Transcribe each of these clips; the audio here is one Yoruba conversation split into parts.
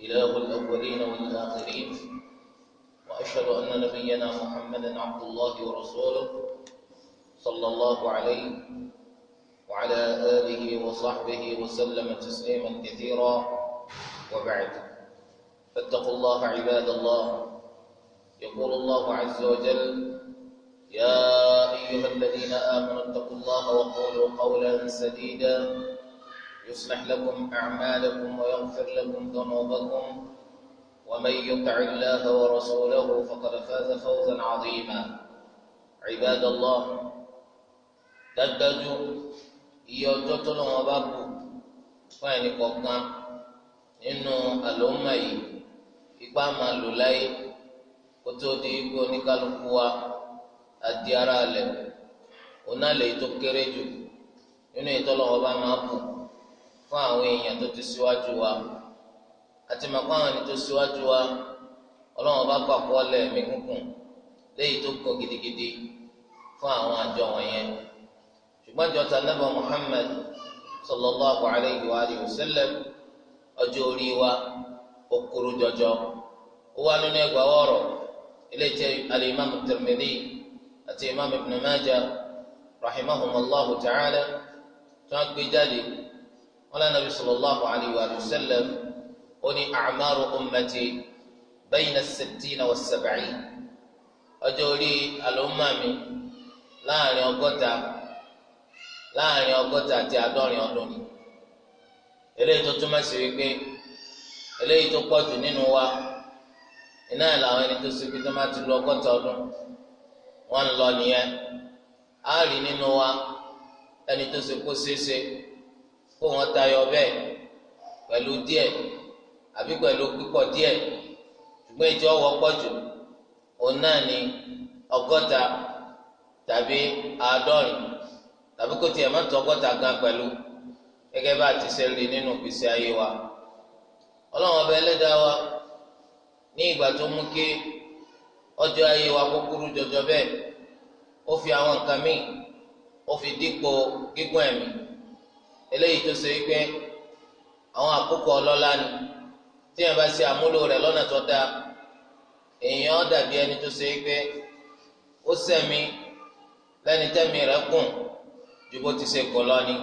إله الأولين والآخرين وأشهد أن نبينا محمدا عبد الله ورسوله صلى الله عليه وعلى آله وصحبه وسلم تسليما كثيرا وبعد فاتقوا الله عباد الله يقول الله عز وجل يا أيها الذين آمنوا اتقوا الله وقولوا قولا سديدا يصلح لكم أعمالكم ويغفر لكم ذنوبكم ومن يطع الله ورسوله فقد فاز فوزا عظيما عباد الله dájúdájú iye ọjọ́ tó lọ́wọ́ bá kù fún ẹnì kọ̀ọ̀kan nínú àlòmọ́ yìí ipá máa lò láyé kó tó di igbó oníkálukú wa àdí ara rẹ̀ òun náà lè tó kéré jù nínú ìtọ́lọ́wọ́ bá máa kù fún àwọn èèyàn tó ti síwájú wa àti màkà àwọn ẹni tó síwájú wa ọlọ́run bá pàpọ̀ lẹ̀ mí kúnkùn léyìí tó kún gidigidi fún àwọn àjọ wọ̀nyẹn ṣùgbọ́n jọta nàbà Muhammad sallallahu alayhi wa alihi wa sallam ọjọ́ orí wa ó jọjọ ó wà nínú ẹgbàá ọ̀rọ̀ ilé alimami Tirmidhi àti imam Ibn Majah rahimahumullahu ta'ala tí wọ́n gbé jáde wọn lẹ́nu nabi sallallahu alayhi wa sallam ó ní a'maru ummati bayna sittina wa sab'in ọjọ́ orí àlùmọ́ mi láàrin ọgọ́ta láàrin ọgọ́ta àti àádọ́rin ọdún ni eléyìí tó túmọ̀ sí wípé eléyìí tó pọ̀ jù nínú wa iná làwọn ẹni tó ṣe pé tó ti lọ ọgọ́ta ọdún wọ́n ń lọ nìyẹn á rí nínú wa ẹni tó ṣe kó ṣeéṣe. kó wọn tayọ bẹ́ẹ̀ pẹ̀lú díẹ̀ àbí pẹ̀lú pípọ̀ díẹ̀ ṣùgbọ́n ìjọ wọ́pọ̀ jù òun náà ni ọgọ́ta tàbí àádọ́rin tàbí kò tiẹ̀ má tó gan pẹ̀lú gẹ́gẹ́ bá a ti ṣe rí nínú ìgbésí ayé wa ọlọ́run ọba ẹlẹ́dàá wa ní ìgbà eléyìí tó ṣe pé àwọn àkókò ọlọ́lá ni tí èèyàn bá ṣe àmúlò rẹ̀ lọ́nà tó dáa èèyàn dàbí ẹni tó ṣe pé ó sẹ̀mí lẹ́ni tẹ́mi rẹ̀ gùn ju bó ti ṣe ni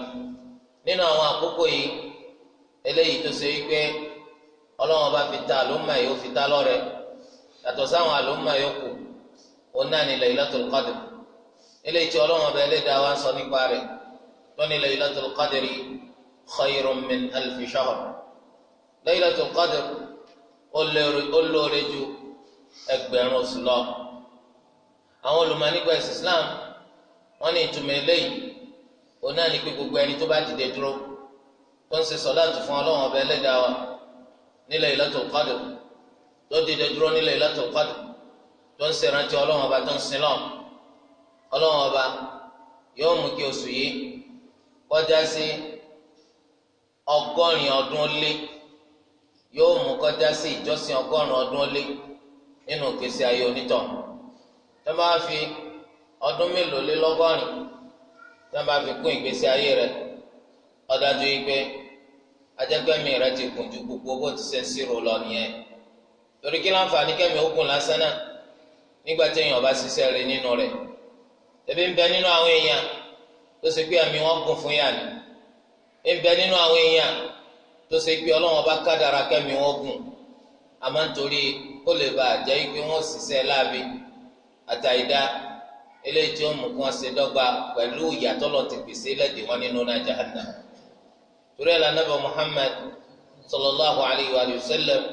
nínú àwọn àkókò yìí eléyìí tó ṣe pé ọlọ́wọ́n bá fi ta àlùmọ̀ yìí ó fi ta lọ́rẹ̀ yàtọ̀ sáwọn àlùmọ̀ yìí kù òun náà ni Laylatul Qadr eléyìí tí ọlọ́wọ́n bá ń lónìí laylatul qadri khayrun min alfi shahr laylatul qadr ó lóore ju ẹgbẹ̀rún oṣù lọ àwọn olùmọ̀ nípa ẹ̀sìn islam wọ́n ní ìtumọ̀ eléyìí òun náà ní pé gbogbo ẹni tó bá dìde dúró tó ń ṣe sọláàtì fún ọlọ́wọ́n ọba ẹlẹ́dàá wa ní Laylatul Qadr tó dìde dúró ní Laylatul Qadr tó ń ṣe rántí ọlọ́wọ́n ọba tó ń sin lọ́wọ́ ọlọ́wọ́n ọba yóò mú kí oṣù yìí kọjá sí ọgọ́rin ọdún lé yóò mú kọjá sí ìjọsìn ọgọ́rin ọdún lé nínú ìgbésí ayé onítàn tó máa fi ọdún mélòó lé lọ́gọ́rin tó fi kún ìgbésí ayé rẹ̀ ọ̀dájú yìí ajẹ́gbẹ́mí ti kùn ju gbogbo bó ti ṣe ń sírò lọ nìyẹn torí kí láǹfààní kẹ́mi tó ṣe pé àmì wọn gùn fún yà ni ń bẹ nínú àwọn èèyàn tó ṣe pé ọlọ́wọ́n bá kádàrá kẹ́mi wọn gùn àmọ́ nítorí ó lè bá àjẹ́ yìí pé wọ́n ṣiṣẹ́ láàbì àtàyídá eléyìí tí ó mú ṣe dọ́gba pẹ̀lú ìyàtọ̀ lọ ti pèsè lẹ́dìí wọn nínú náà jahannam torí ẹ̀ lànàbọ̀ Muhammad sallallahu alayhi wa sallam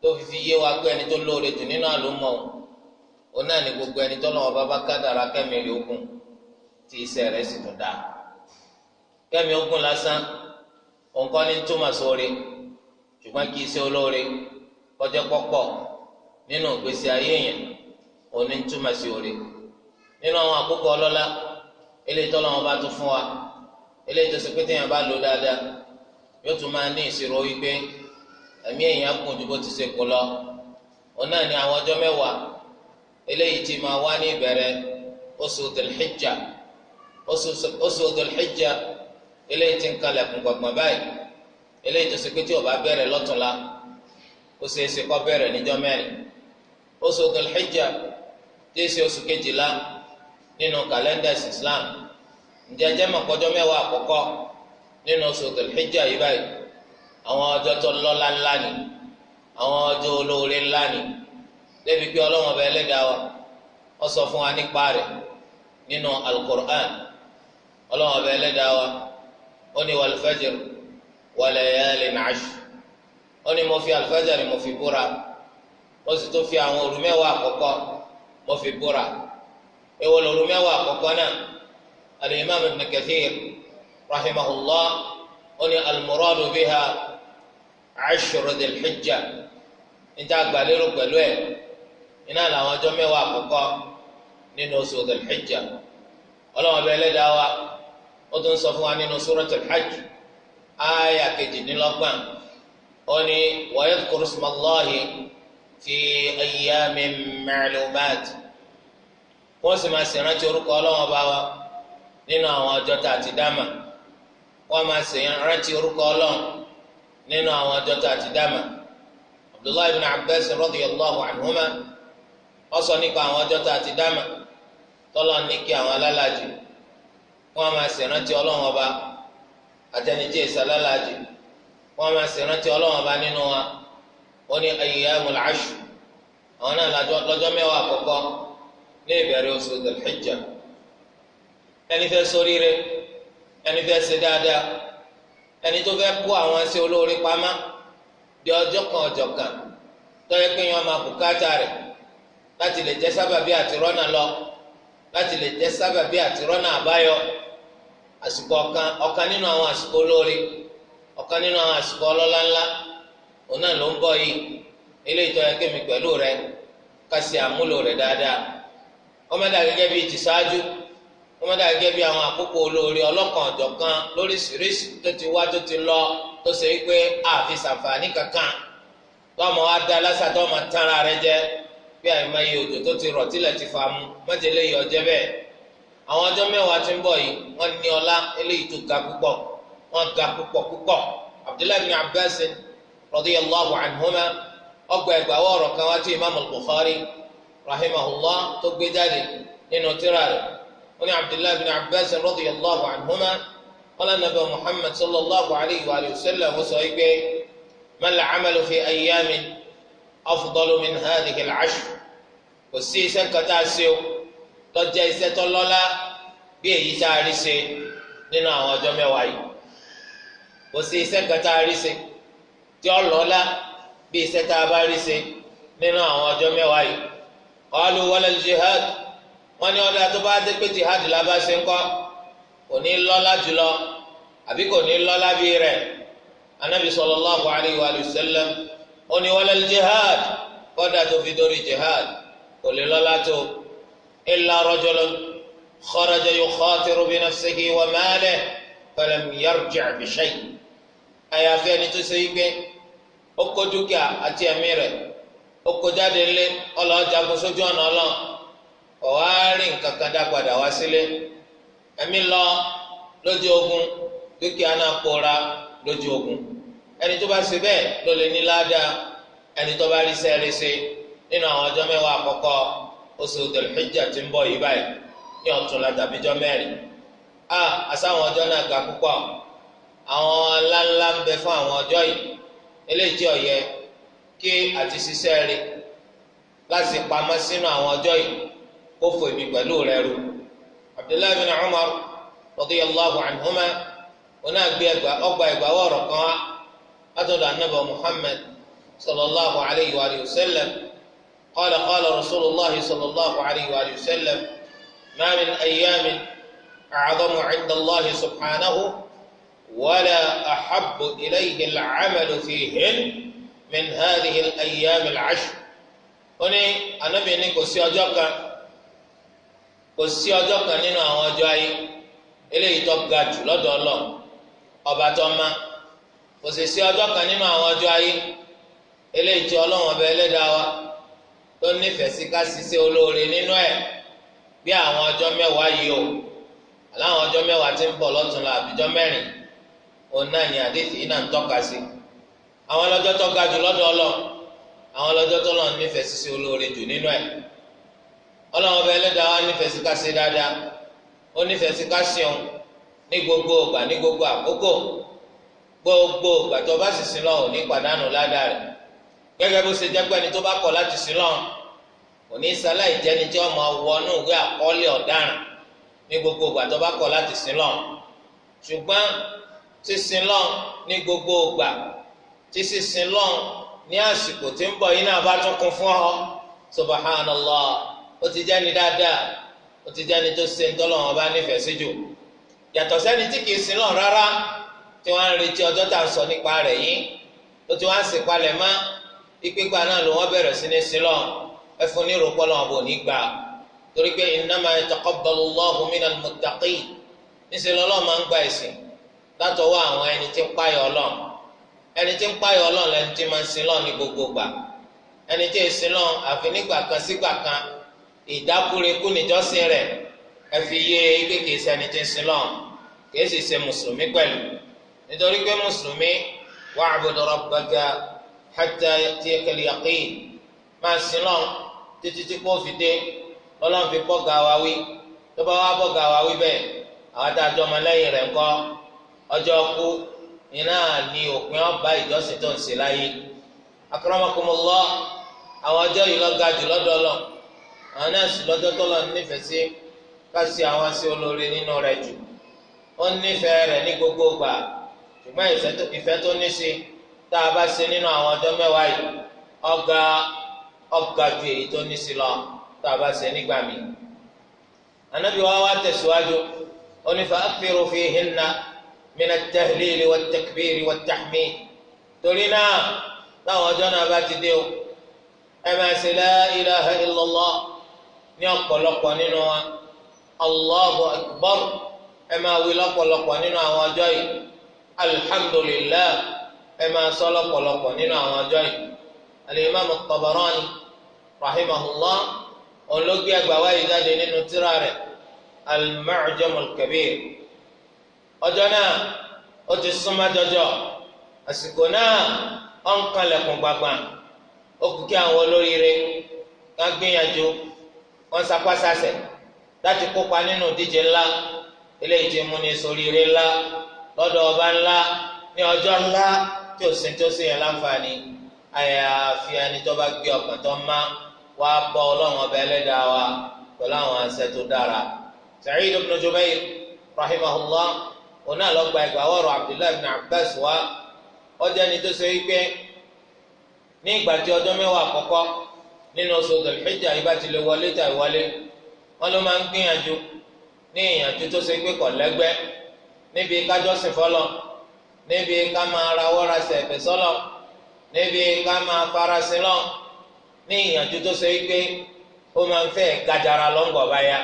tó fi fi yé wa pé ẹni tí iṣẹ́ rẹ̀ sì tún dáa kẹ́mi ogun lásán òǹkọ́ ní túmọ̀ sóore ṣùgbọ́n kì í ṣe olóore kọjá pọ́pọ̀ nínú ìgbésí ayé yẹn òní túmọ̀ sí oore nínú àwọn àkókò ọlọ́lá eléyìí tọ́lọ́ bá tún fún wa eléyìí tó pé téèyàn bá lò dáadáa yóò tún máa ní ìṣirò wípé ẹ̀mí èèyàn kùn ju bó ti ṣe kú lọ òun náà ní àwọn ọjọ́ mẹ́wàá eléyìí ti máa wá ní ìbẹ̀rẹ̀ oṣù oṣù Dhul-Hijjah eléyìí ti ń kalẹ̀ kún gbọ̀ngbọ̀n báyìí eléyìí tó ṣe pé tí ó bá bẹ̀rẹ̀ lọ́túnla ó ṣe é ṣe kó bẹ̀rẹ̀ níjọ́ mẹ́rin oṣù Dhul-Hijjah tí í ṣe oṣù kejìlá nínú kàlẹ́ndà Islam ǹjẹ́ jẹ́ mọ̀ kọjọ́ mẹ́wàá àkọ́kọ́ nínú oṣù dhul yìí báyìí àwọn ọjọ́ tó lọ́lá ńlá ni àwọn ọjọ́ olóore ńlá ni débi pé Ọlọ́hun Ọba ẹlẹ́dàá wa ó sọ fún wa nípa rẹ̀ nínú al ọlọ́run ọba ẹlẹ́dàá wa ó ní wàlúfẹ́jẹ wàlẹ̀ ẹ̀yẹ́lẹ̀ nàásù ó ní mo fi àlùfẹ́jẹ ni mo fi búra ó sì tó fi àwọn òru mẹ́wàá àkọ́kọ́ mo fi búra èwo lòru mẹ́wàá àkọ́kọ́ náà al-imam ibn kathir rahimahullah ó ní al biha ashru dhil-hijja níta gbàlérò pẹ̀lú ẹ̀ iná làwọn ọjọ́ mẹ́wàá àkọ́kọ́ nínú oṣù dhil-hijja ọlọ́run ọba ẹlẹ́dàá wa ó tún sọ fún wa nínú suratul hajj aya kejìdínlọ́gbọ̀n ó ní wa yadhkuru ismallahi fi ayyamin ma'lumat wọ́n sì máa ṣèrántí orúkọ ọlọ́wọ́n bá wa nínú àwọn ọjọ́ tá a ti dámà wọ́n máa ṣèrántí orúkọ ọlọ́wọ́n nínú àwọn ọjọ́ tá a ti dámà abdullahi ibn abbas radiyallahu anhuma ó sọ nípa àwọn ọjọ́ tá a ti dámà tọ́lọ́ ní kí àwọn alálàájì. wọn á máa ti ọlọ́run ọba àtẹnijẹ́ ìsàlálàjì wọ́n á máa ṣèrántí ọlọ́run ọba nínú wa ó ni ayyamul ashr àwọn náà lọ́jọ́ mẹ́wàá àkọ́kọ́ ní ìbẹ̀rẹ̀ oṣù dhul ẹni fẹ́ ṣoríire ẹni fẹ́ ṣe dáadáa ẹni tó fẹ́ kó àwọn ṣe pamá di ọjọ́ kan ọjọ́ kan tọ́yẹ pé wọ́n máa bùkátà rẹ̀ láti lè jẹ́ sábàbí àti rọ́nà lọ láti lè jẹ́ sábàbí àti rọ́nà àbáyọ. àsìkò ọ̀kan ọ̀kan nínú àwọn àsìkò olóore ọ̀kan nínú àwọn àsìkò ọlọ́lá ńlá náà ló ń yìí ilé tó kémi pẹ̀lú rẹ kasi àmúlò rẹ dáadáa wọ́n gẹ́gẹ́ bíi bíi àwọn àkókò lọ tó ṣe é pé àfi kankan wa dá lásà tán ara rẹ jẹ bí àyè máa tó ti ti mọ́tẹ́lẹ́ àwọn ọjọ́ mẹ́wàá tí ń bọ̀ yìí wọ́n ní ọlá eléyìí tó ga púpọ̀ wọ́n ga púpọ̀ púpọ̀ abdullahi bin abbas radiyallahu anhuma ọgbà ẹgbàáwọ̀ ọ̀rọ̀ kan wá tí imam al-bukhari rahimahullah tó gbé jáde nínú tírà rẹ̀ wọ́n ní abdullahi bin abbas radiyallahu anhuma wọ́n lẹ́nu bẹ́ẹ̀ muhammad sallallahu alayhi wa sallam wọ́n sọ wípé mal amalu fi ayyamin afdalu min hadhihi al kò sí iṣẹ́ kan tá lọ́jẹ́ iṣẹ́ tó lọ́lá bí èyí tá a rí ṣe nínú àwọn ọjọ́ mẹ́wàá yìí kò sí iṣẹ́ kan tá a rí ṣe tí ó lọ́lá bí iṣẹ́ tá a bá rí ṣe nínú àwọn ọjọ́ mẹ́wàá yìí qalu wala jihad wọ́n ní ọ̀dà tó bá pé jihad la bá ṣe ń kọ́ kò ní lọ́lá jùlọ àbí kò ní lọ́lá bí rẹ̀ anabi sallallahu alayhi wa ó ní wala jihad kọ́dà tó fi dórí jihad kò lè lọ́lá tó. إلا رجل خرج يخاطر بنفسه وماله فلم يرجع بشيء àyàfi ẹni tó ṣe wípé ó kó dúkìá àti ẹ̀mí rẹ̀ ó kó jáde lé ọlọ́jagun sójú ọ̀nà ọlọ́run kò wá rí nǹkan kan dá padà wá sílé ẹ̀mí lọ lójú ogun dúkìá náà pòórá lójú ogun ẹni tó bá ṣe bẹ́ẹ̀ ló lè ní ládàá ẹni tó bá rí sẹ́ẹ̀rì ṣe nínú àwọn ọjọ́ mẹ́wàá àkọ́kọ́ oṣù tẹlifíjà ti ń bọ̀ yìí báyìí ní ọ̀tún la tàbí jọ mẹ́rin a àsáwọn ọjọ́ náà ga púpọ̀ àwọn ńláńlá ń bẹ fún àwọn ọjọ́ yìí eléyìí tí ó yẹ kí àti ṣiṣẹ́ rí láti pamọ́ sínú àwọn ọjọ́ yìí kó fò mí pẹ̀lú rẹ ru Abdullahi bin Umar radiyallahu anhuma ona gbé ọgbà ẹgbà wọ̀rọ̀ kan wá látọ̀dọ̀ anabi Muhammad sallallahu alayhi wa sallam. قال قال رسول الله صلى الله عليه وآله وسلم ما من أيام أعظم عند الله سبحانه ولا أحب إليه العمل فيهن من هذه الأيام العشر oni anabi ni kò sí ọjọ́ kan kò sí ọjọ́ kan nínú àwọn ọjọ́ ayé eléyìí tó ga jù lọ́dọ̀ ọba tó ma kò sì sí ọjọ́ kan nínú àwọn ọjọ́ ayé eléyìí tó Ọlọ́run ọba Ẹlẹ́dàá wa tó nífẹ̀ẹ́ sí ká ṣiṣẹ́ olóore nínú ẹ̀ bí àwọn ọjọ́ mẹ́wàá yìí o aláwọn ọjọ́ mẹ́wàá ti ń bọ̀ lọ́túnla àbíjọ́ mẹ́rin òun náà ni àdéhìí náà ń tọ́ka sí àwọn ọlọ́jọ́ tó ga jù lọ́dọ̀ ọlọ́ àwọn ọlọ́jọ́ tó lọ́n nífẹ̀ẹ́ ṣiṣẹ́ olóore jù nínú ẹ̀ ọlọ́wọ́n bẹ ẹlẹ́dàá wa nífẹ̀ẹ́ sí ká ṣe dáadáa ó nífẹ̀ẹ́ sí ká ṣeun ní gbogbo ògbà ní gbogbo àkókò gbogbo ògbà tó bá sì sin lọ́wọ́ pàdánù ládàá rẹ̀ gẹ́gẹ́ bó ṣe jẹ́pẹ́ ni tó bá kọ̀ láti sí lọ́n kò ní sáláì jẹ́ni tí wọ́n máa wọnú ìwé àkọọ́lẹ̀ ọ̀daràn ní gbogbo ìgbà tó bá kọ̀ láti sí lọ́n ṣùgbọ́n sísin lọ́n ní gbogbo ìgbà tí sísin lọ́n ní àsìkò tí ń bọ̀ yìí bá tún kún fún ọ subhanallah ó ti jẹ́ni dáadáa ó ti jẹ́ni tó ṣe ń tọ́lọ́ wọn bá nífẹ̀ẹ́ sí jù yàtọ̀ sẹ́ni tí kìí sin lọ́n rárá tí wọ́n ń retí ọjọ́ tá ń sọ nípa rẹ̀ yìí ó ti wá ń sèpalẹ̀ máa ìpínpá náà ló wọ́n bẹ̀rẹ̀ sí ní sílọ̀ ẹfun ní ìròpọ̀ lọ́wọ́ bò ní gbà torí pé innama yataqabbalu Allahu minal muttaqin níṣẹ́ lọ́lọ́ máa ń gba ẹ̀sìn látọwọ́ àwọn ẹni tí ń páyọ̀ ọlọ́ọ̀ ẹni tí ń páyọ̀ ọlọ́ọ̀ lẹni tí máa ń sílọ̀ ní gbogbo gbà ẹni tí ìsìnlọ àfi kan sígbà kan ìdákúrekú níjọ́sìn rẹ̀ ẹ yé ibi e kìí ṣe ẹni tí ìsìnlọ kìí sì ṣe mùsùlùmí pẹ̀lú nítorí pé mùsùlùmí wa'budu rabbaka hatta ya'tiyaka al-yaqin máa sin lọ́n títí tí kò fi dé ọlọ́run fi bọ́ gàwa wí tó bá wá bọ́ gàwa wí bẹ́ẹ̀ àwọn tá a jọ ọmọ lẹ́yìn rẹ̀ ńkọ́ ọjọ́ kú iná ni òpin ọba ìjọsìn tó ń ṣe láyé akramakumullah àwọn ọjọ́ yìí lọ ga jù lọ́dọ̀ lọ àwọn náà sì tó lọ nífẹ̀ẹ́ sí kásì àwọn sí olóore nínú rẹ̀ jù ó nífẹ̀ẹ́ rẹ̀ ní gbogbo gbà ṣùgbọ́n ìfẹ́ tó ní sí i tá a bá ṣe nínú àwọn ọjọ́ mẹ́wàá yìí ọ̀gá ọ̀gá ju èyí tó ní sí lọ tá a bá ṣe nígbà mi. anabi wa wa tẹ̀síwájú ó ní fa akthiru fihinna min at-tahlili wat-takbiri wat-tahmid torí náà táwọn ọjọ́ náà bá ti dé o ẹ máa ṣe la ilaha ní ọ̀pọ̀lọpọ̀ nínú wa allahu akbar ẹ máa wí lọ́pọ̀lọpọ̀ nínú àwọn ọjọ́ yìí alhamdulillah ẹ máa sọ lọ́pọ̀lọpọ̀ nínú àwọn ọjọ́ yìí alimami Tabarani rahimahullah olóògbé àgbàwá yìí jáde nínú tírà rẹ̀ al-Mu'jamul Kabir ọjọ́ náà ó ti súnmọ́ jọjọ àsìkò náà ó ń kanlẹ̀kùn gbàgbà ó kú kí àwọn olóríire ká gbìyànjú wọn sapásásẹ láti kópa nínú ìdíje ńlá eléyìí ti mú ní sóríire ńlá lọ́dọ̀ ọba ńlá ní ọjọ́ ńlá. tí ò sin tí ó sì yẹn láǹfààní àyàfi ẹni tó bá gbé ọkàn tó má wá bọ ọlọ́run ọba ẹlẹ́dàá wa pẹ̀lú àwọn àṣẹ tó dára. Sa'id ẹgbà Abdullahi ibn Abbas wa ọjọ́ ẹni tó ṣe wípé ní ìgbà tí ọjọ́ mẹ́wàá àkọ́kọ́ nínú oṣù ti lè wọlé wọlé wọn ló máa ń gbìyànjú ní ìyànjú tó ṣe pé lẹ́gbẹ́ níbi kájọ́sìn níbi ká máa ra rasẹ̀ ẹ̀bẹ̀ sọ́lọ̀ níbi ká máa farasin lọ ní ìyànjú tó ṣe ó máa ń fẹ́ gajara lọ́ngọ̀ báyà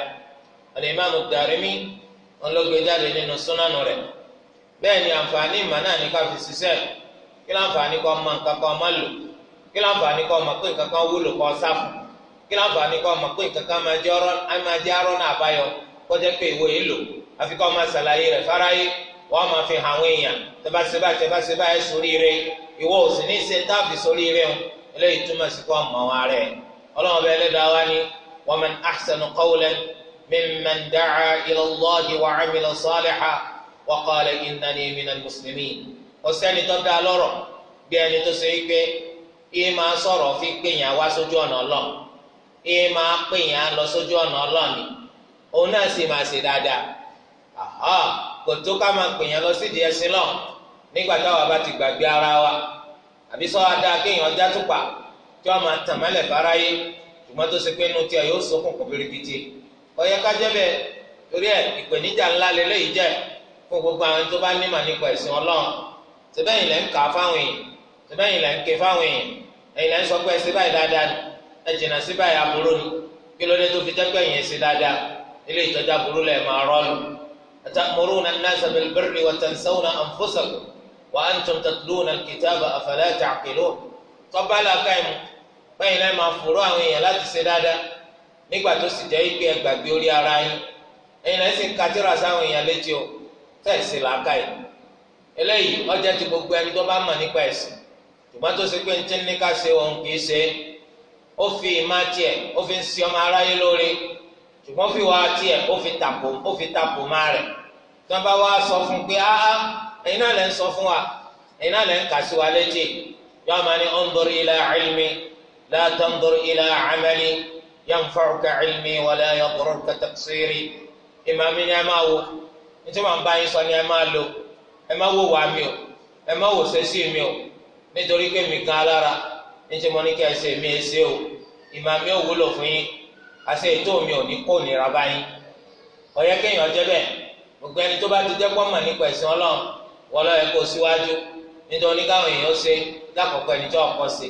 Al-Imam Ad-Darimi ọlọ́gbẹ́jáde nínú súnánù rẹ̀ bẹ́ẹ̀ ni àǹfààní ìmọ̀ náà ní ká fi ṣiṣẹ́ kí láǹfààní kọ́ ọmọ nǹkan kan ọmọ lò kí láǹfààní kọ́ ọmọ pé nǹkan kan wúlò kọ́ sáfù kí láǹfààní kọ́ ọmọ pé nǹkan kan máa jẹ́ arọ́nà àbáyọ kọjá pé ìwé yìí lò àfikọ́ ọmọ rẹ̀ fáráyé wọ́n máa fi hàn àwọn èèyàn tẹ́bá ṣe báyìí tẹ́bá ṣe báyìí sórí rẹ ìwọ ò sì ní ṣe ń táàbì sórí rẹ o eléyìí túmọ̀ sí kó mọ̀ wọn rẹ ọlọ́run bẹ́ẹ̀ lẹ́dàá wá ní wa man ahsanu qawlan mimman da'a ila Allahi wa 'amila salihan wa qala innani minal muslimin ọ̀sẹ́ni tó dá lọ́rọ̀ bí ẹni tó ṣe pé ìyẹn máa sọ̀rọ̀ fi gbìyàn wá sójú ọ̀nà ọlọ́run kò tó ká máa pèèyàn lọ sí ìdíyẹ sí náà nígbà táwa bá ti gbàgbé ara wa àbí sọ wa dáa kéèyàn já túpà tí wọn máa tàn mọ́lẹ̀ fáráyé ṣùgbọ́n tó ṣe pé inú tiẹ̀ yóò sókun kò biribiti ọyẹ kájẹ́ bẹ́ẹ̀ torí ẹ̀ ìpèníjà ńlá lélẹ́yìí jẹ́ fún gbogbo àwọn tó bá nímọ̀ nípa ẹ̀sìn ọlọ́run tẹ́bẹ́yìn lẹ́ ń kà á fáwọn èèyàn tẹ́bẹ́yìn lẹ́ ń ké fáwọn èèyàn ẹ̀yìn lẹ́ ń sọ أتأمرون الناس بالبر وتنسون أنفسكم وأنتم تتلون الكتاب أفلا تعقلون طبعا لا كايم فإن لما فروا وإن لا تسدادا nígbà tó sì jẹ́ ìgbé ẹgbàgbé orí ara yín ẹ̀yin náà sì ń katira sáwọn èèyàn létí o tẹ̀sí làákà yìí eléyìí ọjà ti gbogbo ẹni tó bá mọ̀ nípa ẹ̀sìn ṣùgbọ́n tó ṣe pé ní tí ní ká ṣe òun kì í ṣe ó fi ìmá tiẹ̀ ó fi ń ṣe ọmọ aráyé lórí ṣùgbọ́n fi wá tiẹ̀ ó fi tàpò ó fi tàpò máa rẹ̀ tí wọ́n bá wá sọ fún pé áá ẹ̀yin náà lẹ́ ń sọ fún wa ẹ̀yin náà lẹ́ ń kà sí wa létí yóò máa ní undur ila ilmi la tandur ila amali yanfa'uka ilmi wala yadurruka taqsiri ìmàmí ni ẹ máa wo nítorí wọn bá yín sọ ni ẹ máa lo ẹ má wò wá mi o ẹ má wò sẹ́sì mi o nítorí pé mi kan alára nítorí mo ní kí ẹ ṣe mi ẹ ṣe o ìmàmí ò wúlò fún yín. àṣẹ ètò mi ò ní kó nira báyìí ọ̀yẹ́ kéèyàn jẹ́ bẹ́ẹ̀ gbogbo ẹni tó bá ti jẹ́ pọ́nmọ̀ nípa ẹ̀sìn ọlọ́run wọ́n lọ́ọ́ yẹ kó síwájú nítorí káwọn èèyàn ṣe lákọ̀ọ́kọ́ ẹni tí ọkọ ṣe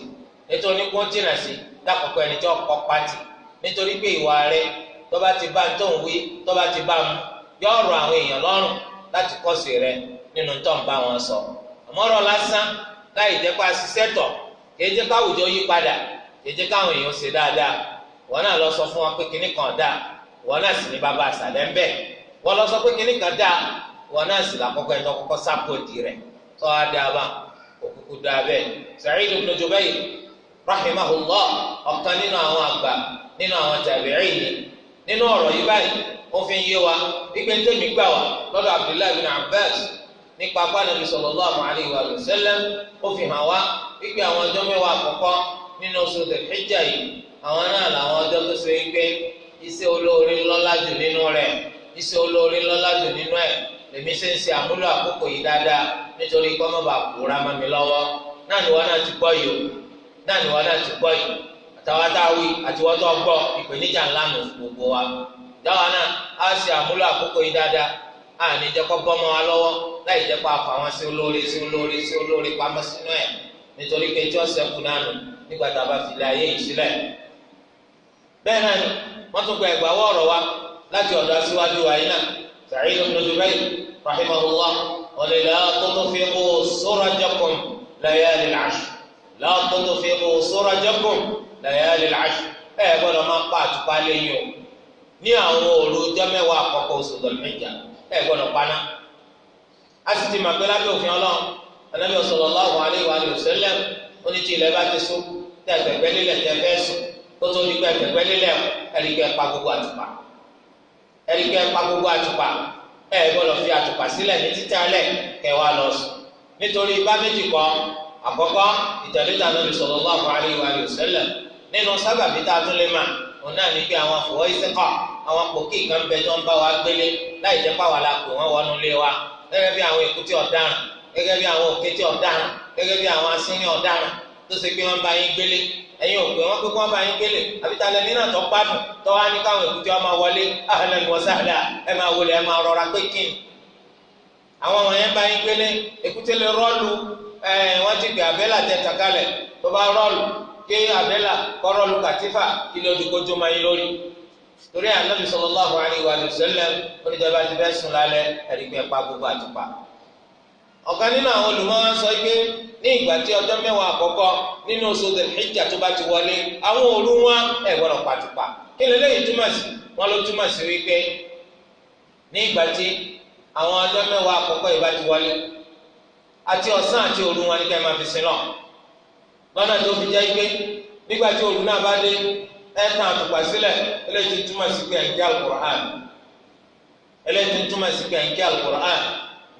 nítorí kó jìnà sí lákọ̀ọ́kọ́ ẹni tí ọkọ pàtì nítorí pé ìwà rẹ rẹ nínú tó ń bá sọ lásán láì wọn náà lọ sọ fún wa pé kinní kan dáa wọn náà sì ní bàbá àṣàlẹ̀ ń bẹ̀ wọn lọ sọ pé kinní kan dáa wọn náà sì làkọ́kọ́ ẹni ọkọ́kọ́ sápòdì rẹ̀ tọ́ a dáa bá òkùnkùn dáa bẹ́ẹ̀ Sa'id ibn Jubayr rahimahullah ọ̀kan nínú àwọn àgbà nínú àwọn tàbí'ìn nínú ọ̀rọ̀ yìí báyìí ó fi ń yé wa wípé tèmi gbà wá lọ́dọ̀ Abdullahi bin Abbas nípa Ànábì sallallahu alayhi wa sallam ó fi hàn wá wípé àwọn ọjọ́ mẹ́wàá àwọn náà làwọn ọjọ́ tó ṣe é pé iṣẹ́ olóore ńlọ́lá jù nínú rẹ̀ iṣẹ́ olóore ńlọ́lá jù nínú ẹ̀ lèmi ṣe ń ṣe àmúlò àkókò yìí dáadáa nítorí kọ́mọ́bà kúra mọ́ mi lọ́wọ́ náà ni wọ́n náà ti gbọ́ yìí o náà ni wọ́n náà ti gbọ́ yìí àtàwọn táwí àti wọ́n tó gbọ́ ìpèníjà ńlá nù gbogbo wa dáwọn náà á ṣe àmúlò àkókò yìí dáadáa á ní jẹ́ kó bọ́ mọ́ wa lọ́wọ́ láì jẹ́ kó a fà sí olóore sí olóore sí olóore pamọ́ sínú ẹ̀ nítorí pé tí ọ̀sẹ̀ náà nù nígbà tá a bá fi lé ayé yìí sílẹ̀ bẹ́ẹ̀ náà ni wọ́n tún gba ẹ̀gbà wọ́ọ̀rọ̀ wa láti ọ̀dọ̀ aṣíwájú wa yìí náà Sa'id ibn Jubayr rahimahullah ọ̀lẹ́ la tutfiqu surajakum layali al-ashr la tutfiqu surajakum layali al-ashr ẹ̀ gbọ́dọ̀ máa pa àtùpà lẹ́yìn o ní àwọn òru ọjọ́ mẹ́wàá àkọ́kọ́ oṣù Dhul-Hijja ẹ̀ gbọ́dọ̀ paná a sì ti mà pé lábẹ́ òfin ọlọ́run Ànábì sallallahu kó tó di pẹ́ pẹ́pẹ́ lílẹ̀ ẹ̀ríkẹ́ pa gbogbo àtùpà ẹ̀ríkẹ́ pa gbogbo àtùpà ẹ̀ gbọ́dọ̀ fi àtùpà sílẹ̀ ní títí alẹ́ kẹwàá lọ sùn nítorí bá méjì kan àkọ́kọ́ ìtẹ̀lẹ́tà Ànábì sallallahu alaihi wa sallam nínú sábàbí tá a tún lè mà òun náà ní pé àwọn àfọwọ́ ìsẹ́kọ̀ àwọn pòkì kan bẹ tó ń bá wa gbélé láì jẹ́ pàwọ́ la pè wọ́n wọnú lé wa gẹ́gẹ́ bí àwọn èkúté ọ̀daràn gẹ́gẹ́ bí àwọn òkété ọ̀daràn gẹ́gẹ́ bí àwọn asínrín ọ̀daràn tó ṣe pé wọ́n bá yín gbélé ẹ̀yin ò pé wọ́n pé kí wọ́n bá yín gbélé àbí talẹ̀ mí tó gbádùn tó wá ní káwọn èkúté ọmọ wọlé ahlan wa ẹ máa wọlé ẹ máa rọra pé kí ni. àwọn ọmọ yẹn bá yín gbélé èkúté lè rọ́ọ̀lù wọ́n ti gbé abẹ́là tẹ takalẹ̀ tó bá rọ́ọ̀lù ké abẹ́là kọ́ rọ́ọ̀lù kàtífà kí ni odò kojú máa yín lórí. torí Ànábì sallallahu alaihi wa sallam oníjọba ti fẹ́ sùn lálẹ́ ẹ̀rí ọ̀kan nínú àwọn olùmọ́wá sọ pé ní ìgbà tí ọjọ́ mẹ́wàá àkọ́kọ́ nínú oṣù Dhul-Hijjah tó bá ti wọlé àwọn òru wọn ẹ̀ gbọ́dọ̀ pàtùpà kí lélẹ́yìn túmọ̀ sí wọn ló túmọ̀ sí wípé ní ìgbà tí àwọn ọjọ́ ti wọlé àti ọ̀sán àti òru wọn ni máa fi sin lọ tó fi jẹ́ pé nígbà tí òru náà bá dé ẹ̀ tàn àtùpà sílẹ̀ túmọ̀ sí pé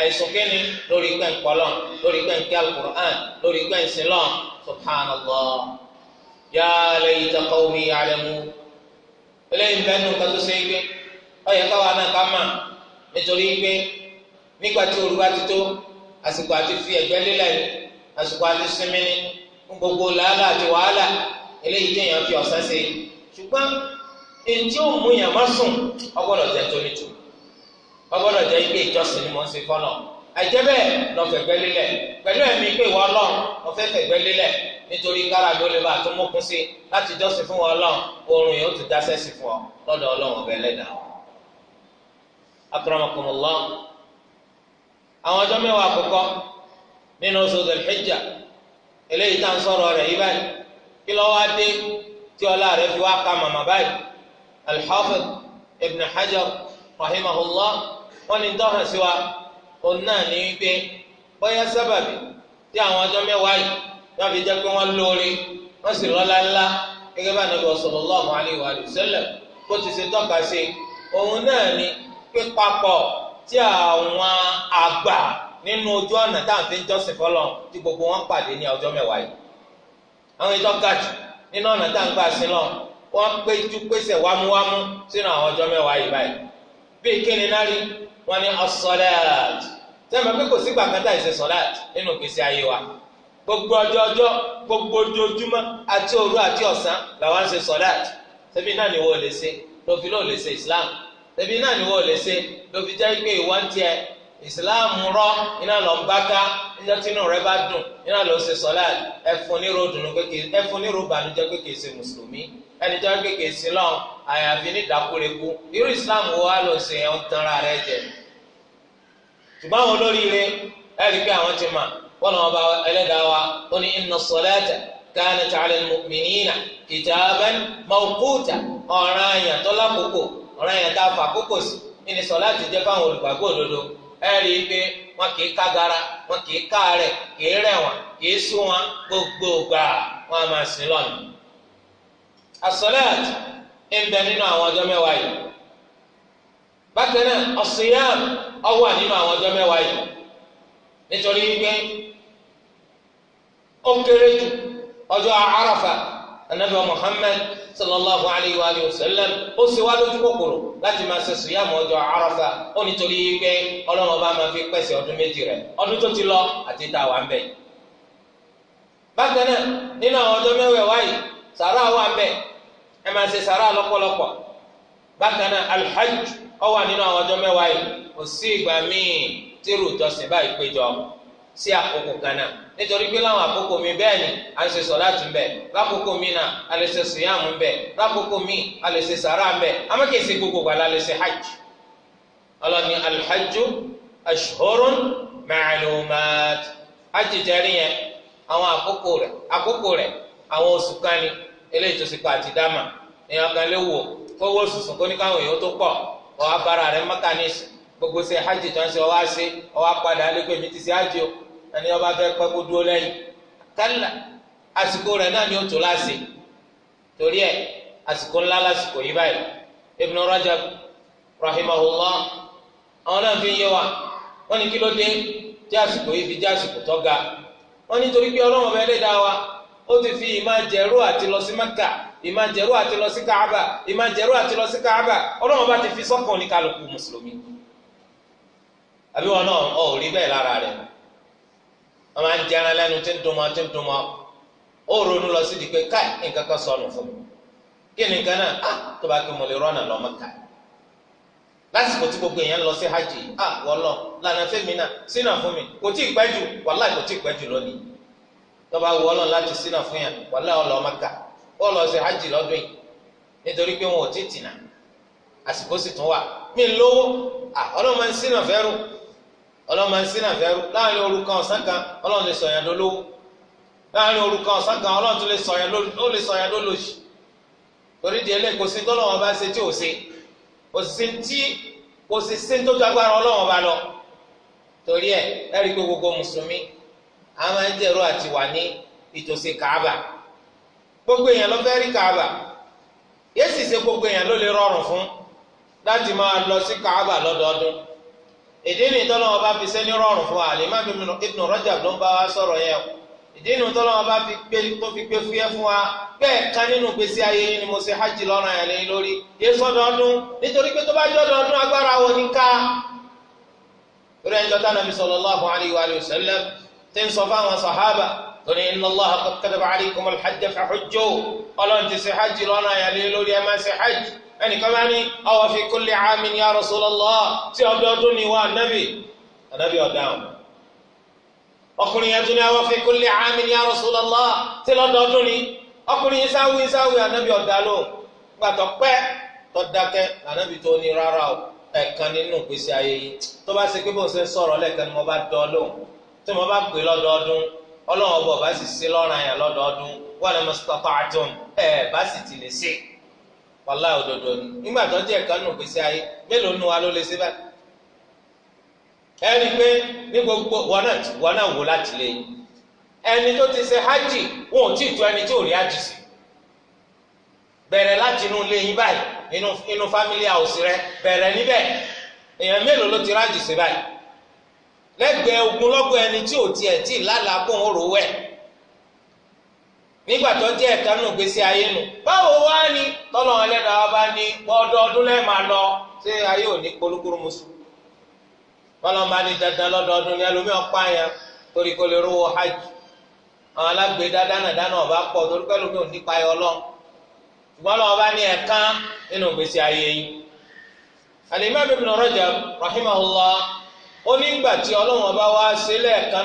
àìsùn kínní lórí pẹ́ǹkọ́lọ́ lórí pẹ́ǹkẹ́ alukur'an lórí pẹ́ǹsìlọ́ subhanallah ya layta qawmi ya'lamun eléyìí bẹ́ẹ̀ nù kátó ṣe é gbé káwa náà ká nítorí pé nígbà tí ti tó àsìkò àti fi ẹgbẹ lélẹ̀ àsìkò àti sinmi gbogbo làálà àti wàhálà eléyìí téèyàn fi ọgbọ́dọ̀ jẹ́ ike ìjọsìn ni mo ń ṣe fọ́nà àìjẹ́ bẹ́ẹ̀ lọ fẹ̀gbẹ́ lélẹ̀ pẹ̀lú ẹ̀mí pé ìwọ ọlọ́run lọ fẹ́ fẹ̀gbẹ́ lélẹ̀ nítorí kára ló lè bá a tó mókun sí láti jọ́sìn fún ọlọ́run oorun yóò ti dáṣẹ́ sí fún ọ lọ́dọ̀ ọlọ́run ọ̀bẹ lẹ́dàá. akramakumullah àwọn ọjọ́ mẹ́wàá àkọ́kọ́ nínú oṣù dhul eléyìí tá à ń sọ̀rọ̀ rẹ̀ yí báyìí kí lọ́wọ́ á dé tí ọlá rẹ̀ fi wá ka màmá báyìí al Ibn Hajar rahimahullah wọ́n ní tọ́hà sí wa òun náà ní wípé bóyá sábàbí tí àwọn ọjọ́ mẹ́wàá yìí wọ́n fi jẹ́ pé wọ́n lóore wọ́n sì ńlá gẹ́gẹ́ bá wa kó ti ṣe tọ́ka sí òun náà ní pípapọ̀ tí àwọn àgbà nínú ojú gbogbo wọn pàdé ní ọjọ́ mẹ́wàá yìí àwọn ìjọ gàjù nínú ọ̀nà bíi kíni náà rí wọn ní as-salat sẹ́mi pé kò sígbà kan táyì ṣe salat nínú ìgbésí ayé wa gbogbo ọjọ́ ọjọ́ gbogbo ojoojúmọ́ àti òru àti ọ̀sán làwọn ń ṣe salat sẹ́mi náà ni wọ́n lè ṣe lófin náà lè ṣe Islam sẹ́mi náà ni wọ́n lè ṣe lófin jẹ́ pé ìwọ́n tiẹ̀ Islam rọ iná lọ́nbáká níjọ́ tí inú rẹ bá dùn iná ló ṣe sọ́lá ẹ̀fun nírò dùnú kéke ẹ̀fun nírò bànújẹ́ kéke ṣe mùsùlùmí ẹni tó ń kéke sí lọ́hùn àyàfi ní ìdákúrekú irú islam wo wá ló ṣe ẹ̀ ń tanra rẹ jẹ ṣùgbọ́n àwọn olóríire ẹ̀rí pé àwọn ti mà wọ́n wọn bá ẹlẹ́dàá wa ó ní inna salata kanat ala al-mu'minina kitaban ọ̀ràn àyàn tó lákòókò ọ̀ràn àyàn tá a fà kókò sí ní sọ̀lá ti fáwọn olùgbàgbọ́ òdodo ẹ̀rí pé wọn kì í gara, wọn kì í rẹ, kì í rẹ̀wọ̀n kì í sún wọn gbogbo gbà wọn a máa sin lọ́nà. asọ́láàtì ń bẹ nínú àwọn ọjọ́ mẹ́wàá yìí bákan náà ọ̀sìyàm ó wà nínú àwọn ọjọ́ mẹ́wàá yìí nítorí wípé ó kéré jù ọjọ́ àràfà anabi muhammed. sallallahu alayhi wa sallam ó sì wá lójú kòkòrò láti máa ṣe sùyàmù ọjọ́ àràfà ó nítorí pé ọlọ́run ọba máa fi pèsè ọdún méjì rẹ̀ ọdún tó ti lọ àti tá a wà ń bẹ̀. bákan náà nínú àwọn ọjọ́ mẹ́wẹ̀ẹ́ wáyé sàrà wà ń bẹ̀ ẹ máa ṣe sàrà lọ́pọ̀lọpọ̀ bákan náà alhajj ó wà nínú àwọn ọjọ́ mẹ́wàá yìí kò sí ìgbà míì tí rúdọ̀sìn báyìí péjọ sí àkókò kan náà nítorí pé láwọn àkókò mi bẹ́ẹ̀ ni a lè ṣe sọ̀láàtì ńbẹ̀ lákòókò mi náà a lè ṣe sùyàmù ńbẹ̀ lákòókò mi a lè ṣe sàrà ńbẹ̀ amákèsí gbogbo wa la lè ṣe hajj ọlọ́ni alhajju ma'lumat hajj jẹ́rí yẹn àwọn àkókò rẹ̀ àkókò rẹ̀ àwọn oṣù kan ni eléyìí tó pa àti dáma èèyàn kan lè wò sùsùn kó ní káwọn gbogbo ṣe hajj tó ń ṣe ọwọ́ ẹni ọba fẹ́ pẹ́ kó dúró lẹ́yìn kálá àsìkò rẹ̀ náà ni ó tó láṣẹ torí ẹ̀ àsìkò ńlá lásìkò yìí báyìí Ibn Rajab rahimahullah àwọn náà fi ń yé wa wọ́n ní kí ló dé jẹ́ àsìkò yìí fi jẹ́ àsìkò tó ga wọ́n nítorí pé ọlọ́run ọba ẹlẹ́dàá wa ó ti fi ìmá jẹ̀rú àti lọ sí Mẹ́kà ìmá jẹ̀rú àti lọ sí Káàbà ìmá jẹ̀rú àti lọ sí Káàbà ọlọ́run ọba ti fi sọ́kàn oníkàlùkù mùsùlùmí àbí wọn náà ò rí bẹ́ẹ̀ lára rẹ̀ mọ́ wọn ma ń jẹrẹ lẹ́nu tí ń dùn mọ́ tí ń dùn mọ́ ó ronú lọ sí di pé káì nǹkan kan fún mi kí ni nǹkan náà ah tó bá kí mo lè rọ́nà lọ́mọ lọ sí hajj ah wọlọ lànà fẹmi náà sínà fún mi kò tí ì pẹ́ jù kò tí ì pẹ́ jù lónìí tó bá láti fún yàn lọ sí hajj lọ́dún yìí nítorí pé wọn ò tí ì àsìkò sì tún wà mí lówó ah, ọlọ́mọ ẹsìn náà fẹ́ láàrin òru kan ọ̀sán kan ọlọ́run lè sọ̀yàn lólówó láàrin òru kan ọ̀sán kan ọlọ́run tún lè sọ̀yàn lólòṣì torí di ẹlẹ́yìn kò sí tọ́lọ́wọ́n bá ṣe tí ò ṣe kò sí tí kò sí sí tó dágbára ọlọ́wọ́n bá lọ torí ẹ ẹ̀rí pé gbogbo mùsùlùmí a máa ń jẹ̀rọ àti wà ní ìtòsí kàába gbogbo èèyàn ló fẹ́ rí kàába yéé sì ṣe gbogbo èèyàn ló lè rọrùn fún láti máa lọ sí kàába lọ́dọọdún èdè ní tọ́lọ́wọ́ bá fi sẹ́ni rọrùn fún àlè má bímọ Ibn Rajab ló ń bá wa sọ̀rọ̀ yẹn o ìdí ní tọ́lọ́wọ́ bá fi gbé tó fi gbé fúyẹ́ fún wa bẹ́ẹ̀ kan nínú gbèsè ayé yín ni mo ṣe hajj lọ́rùn yẹn lé lórí yé sọ́dọọdún nítorí pé tó bá jẹ́ ọdọọdún agbára wo ni ká. orí ẹni tọ́tà nàbí sallallahu alayhi wa sallam ti ń sọ fáwọn sàhábà tóní inna Allaha qad ẹnìkan bá ní awa fi kulli amin ya Rasulullah tí ọdọọdún ni wà nábì ànábì ọ̀dáhùn ọkùnrin yẹn tún ní awa fi kulli amin ya Rasulullah tí lọ́dọọdún ni ọkùnrin yẹn sáwí sáwí ànábì ọ̀dáhùn gbàtọ̀ pẹ́ tọ́dákẹ́ ànábì tó ní rárá o ẹ̀kan nínú ìgbésí ayé yìí tó bá ṣe pé bó ń ṣe sọ̀rọ̀ lẹ́ẹ̀kan ni mo bá dán lóhùn tí mo bá pè lọ́dọọdún ọlọ́wọ́ wàlá òdodo ni nígbà tó díẹ̀ kan gbèsè ayé mélòó nu wa ló lè ṣe báyìí ẹni pé ní gbogbo wò láti ẹni tó ti ṣe hajj wọn ò tí ì ẹni tí ò rí hajj sí láti inú ilé yín báyìí nígbà tó jẹ́ ẹ̀ka nù gbèsè ayé nù báwo wá ní tọ́lọ́ ẹlẹ́dàá bá ní ọdọọdún lẹ́ẹ̀ lọ ṣé ayé ò ní polúkúrú musu bọ́lọ́n ní dandan lọ́dọọdún ní ẹlòmíọ́ pààyàn torí kò lè rówó hajj àwọn ọba pọ̀ torí ní ṣùgbọ́n lọ́wọ́ bá ní ẹ̀ka nínú gbèsè ayé yìí ó nígbà tí wá sílẹ̀ ẹ̀ka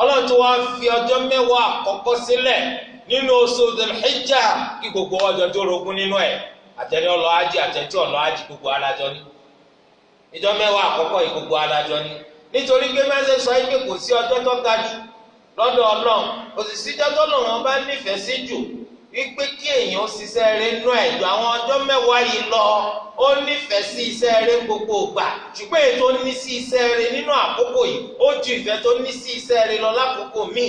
ọlọ́run tó wá fi ọjọ́ mẹ́wàá àkọ́kọ́ sílẹ̀ nínú oṣù Dhul-Hijja kí gbogbo ọjọ́ tó rogún nínú ẹ̀ àtẹni ọlọ́ ájì àtẹtí ọlọ́ ájì gbogbo alájọ ni ìjọ mẹ́wàá àkọ́kọ́ yìí gbogbo alájọ ni nítorí pé mẹ́sẹ̀ sọ yìí pé kò sí ọjọ́ tó ga jù lọ́dọ̀ ọlọ́run òsì síjọ́ tó lọ́run ọba nífẹ̀ẹ́ sí jù wípé kí èèyàn ṣiṣẹ́ rẹ̀ nú ẹ̀ ju àwọn ọjọ́ mẹ́wàá yìí lọ ó nífẹ̀ẹ́ sí iṣẹ́ rẹ̀ gbogbo ìgbà ṣùgbọ́n èyí tó ní sí iṣẹ́ rẹ̀ nínú àkókò yìí ó ju ìfẹ́ tó ní sí iṣẹ́ rẹ̀ lọ lákòókò míì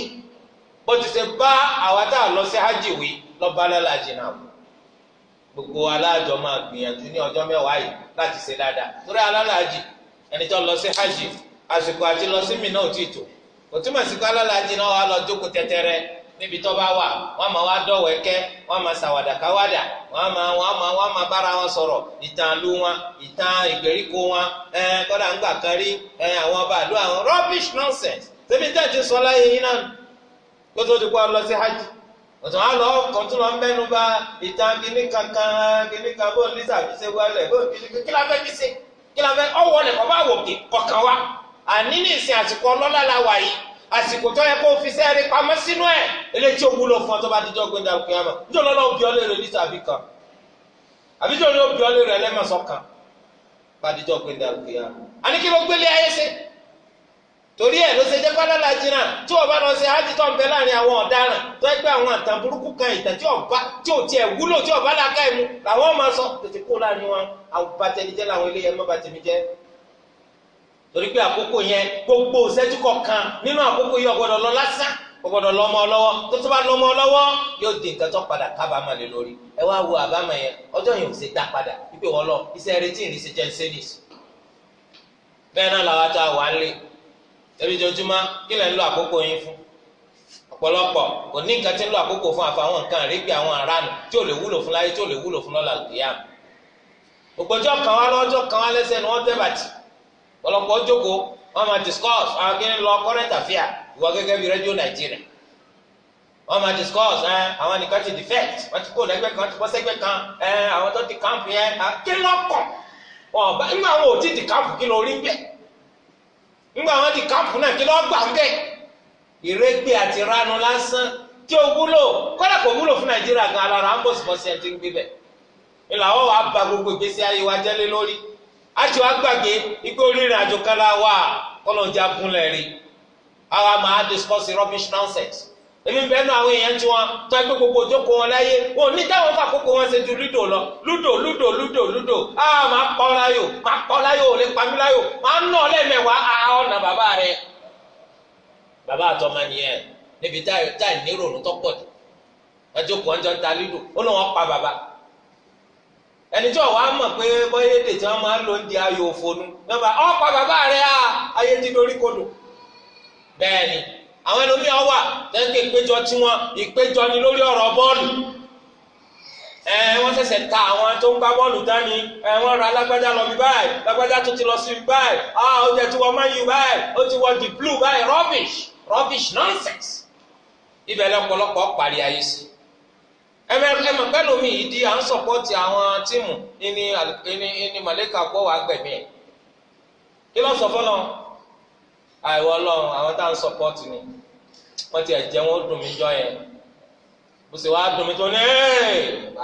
bó ti ṣe bá àwa tá a lọ sí hajj wí lọ́ba lọ́la jìnnà gbogbo aláàjọ máa gbìyànjú ní ọjọ́ mẹ́wàá yìí láti ṣe dáadáa torí alálàájì ẹni tó lọ sí hajj àsìkò àti lọ sí Mínà ò tí ì tó kò túmọ̀ sí pé alálàájì náà wà lọ jókòó tẹ́tẹ́rẹ́ níbi tó bá wà wọ́n máa wá dọ̀wọ̀ ma wọ́n máa ṣàwàdàkáwàdà wọ́n máa wọ́n máa máa bára wọn sọ̀rọ̀ ìtàn ìlú wọn ìtàn ìgbèríko wọn ẹ kọ́dà ń gbà kan ẹ ọba rubbish nonsense tẹ́bi tẹ́ ti sọ láyé yín náà kó tó ti kó lọ sí hajj ọ̀tún á lọ kàn tún lọ mẹ́nu ìtàn kankan àsìkò tó yẹ kó fi sẹ́ẹ̀rí pamọ́ sínú ẹ̀ eléyìí tí ó wúlò fún ọ tó bá dijọ́ gbé dàrú kìámà níjọ́ lọ́lọ́ òbí ọ lérò ní tàbí kan àbí jọ ni òbí ọ lérò ẹlẹ́mọ̀sán kan bá dijọ́ gbé dàrú kìámà. àní kí ló gbélé ayé ṣe torí ẹ̀ ló ṣe jẹ́ pálá la jìnnà tí o bá lọ ṣe ájì tó ń bẹ láàrin àwọn ọ̀daràn tó ẹ pé àwọn àtàn burúkú kan ìtàn tí ọba tí ò tiẹ̀ wúlò tí ọba làákà ẹ̀ mu làwọn máa sọ tètè kó láàrin wọn àwọn bàtẹ́nijẹ́ làwọn eléyẹ mọ́ bàtẹ́nijẹ́ torí pé àkókò yẹn gbogbo ìṣẹ́jú kọ̀ọ̀kan nínú àkókò yìí ọ̀gbọ́dọ̀ lọ lásán ọ̀gbọ́dọ̀ lọ ọmọ ọlọ́wọ́ tó tó bá lọ ọmọ ọlọ́wọ́ yóò di nǹkan tó wo àbámọ̀ yẹn ọjọ́ yẹn ò ṣe dá padà wípé wọ́n lọ iṣẹ́ retí jẹ́ bẹ́ẹ̀ náà làwọn ata wà lé jojúmọ́ kí lẹ́ ń lo àkókò yín fún ọ̀pọ̀lọpọ̀ kò ní nǹkan tí ń lo àkókò fún àfàwọn nǹkan àwọn aráàlú tí ò lè wúlò fún láyé tí ò ọ̀pọ̀lọpọ̀ jókòó wọ́n máa discuss àwọn kí ń lọ current affair ìwọ gẹ́gẹ́ bí rẹ́díò nàìjíríà wọ́n ẹ àwọn nìkan ti defect ti kó kan ti kan ẹ àwọn tó ti camp yẹn kí wọn di camp kí lọ rí nígbà wọn di camp náà kí lọ́ gbà ń bẹ́ẹ̀ ìrẹ́gbẹ́ àti ranu lásán tí o wúlò kò wúlò fún nàìjíríà gan alára ń bọ̀ sí ti ń gbé àti wàá gbàgbé ikú orírin àjò kan la wà kọlọ̀njà gúnlẹ̀ rí àwa máa discuss rubbish nonsense èmi bẹ́ẹ̀ nù àwọn èèyàn tí wọ́n tó ẹgbẹ́ gbogbo òjókòó wọn láyé wọn ò ní táwọn fàkókò wọn ṣe ju lúdò lọ lúdò lúdò lúdò lúdò á máa pọ́ láyò máa pọ́ láyò ò lè pa mí láyò máa bàbá rẹ bàbá nìyẹn níbi táì tọ́pọ̀ jọ ta lúdò ó pa ẹni tí ọ̀wá mọ̀ pé bọ́yé èdè tí wọ́n máa ń lò ń di ayò òfonu nígbà ọ̀pọ̀ bàbá rẹ̀ à ayé ti dorí kodò bẹ́ẹ̀ ni àwọn wà tẹ́ńkì ìpéjọ tí wọ́n ìpéjọ ni lórí ọ̀rọ̀ bọ́ọ̀lù ẹ wọ́n ṣẹ̀ṣẹ̀ ta àwọn tó ń gbá bọ́ọ̀lù dání ẹ wọ́n ra lọ bí báyìí tó ti lọ sí báyìí ó báyìí ó ẹmọ pẹ̀lú mi yìí di à ń sọpọ́tì àwọn tíìmù ní ní mọ̀lẹ́kà pọ̀ wá gbẹ̀mí ẹ̀ kí ló sọ fọ́nà àìwọ ọlọ́run àwọn tá à ń sọpọ́tì ni wọ́n ti ẹ̀jẹ̀ wọn dùn mí jọ yẹn bó ṣe wá dùn mí tó ní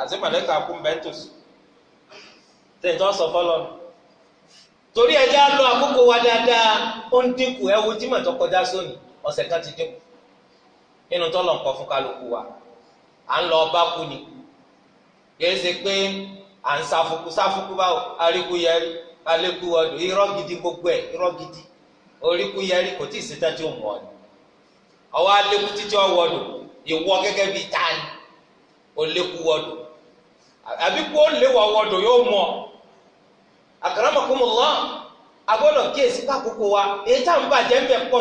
àti mọ̀lẹ́kà kú bẹ́ńtòs tẹ̀yìn tó sọ fọ́nà torí ẹ̀jẹ̀ á lọ àkókò wa dáadáa ó ń dínkù ẹ̀ wo tó kọjá sóni ọ̀sẹ̀ kan ti dínkù nínú tọ́lọ̀ nǹkan fún kálukú wa. à ń lọ ọba kú ni kìí ṣe pé à ń sáfukú sáfukú báwo aríkúyẹrí alẹ́kúwọdù irọ́ gidi gbogbo ẹ̀ irọ́ gidi oríkúyẹrí kò tí ì ṣe tẹ́tí òun wọ̀ọ́dù ọwọ́ alẹ́kú títí ọwọ́dù ìwọ gẹ́gẹ́ bíi tani àbí kó léwọ yóò agbọ́dọ̀ kíyèsí kákòókò wa èyí tá à ń bàjẹ́ ń pọ̀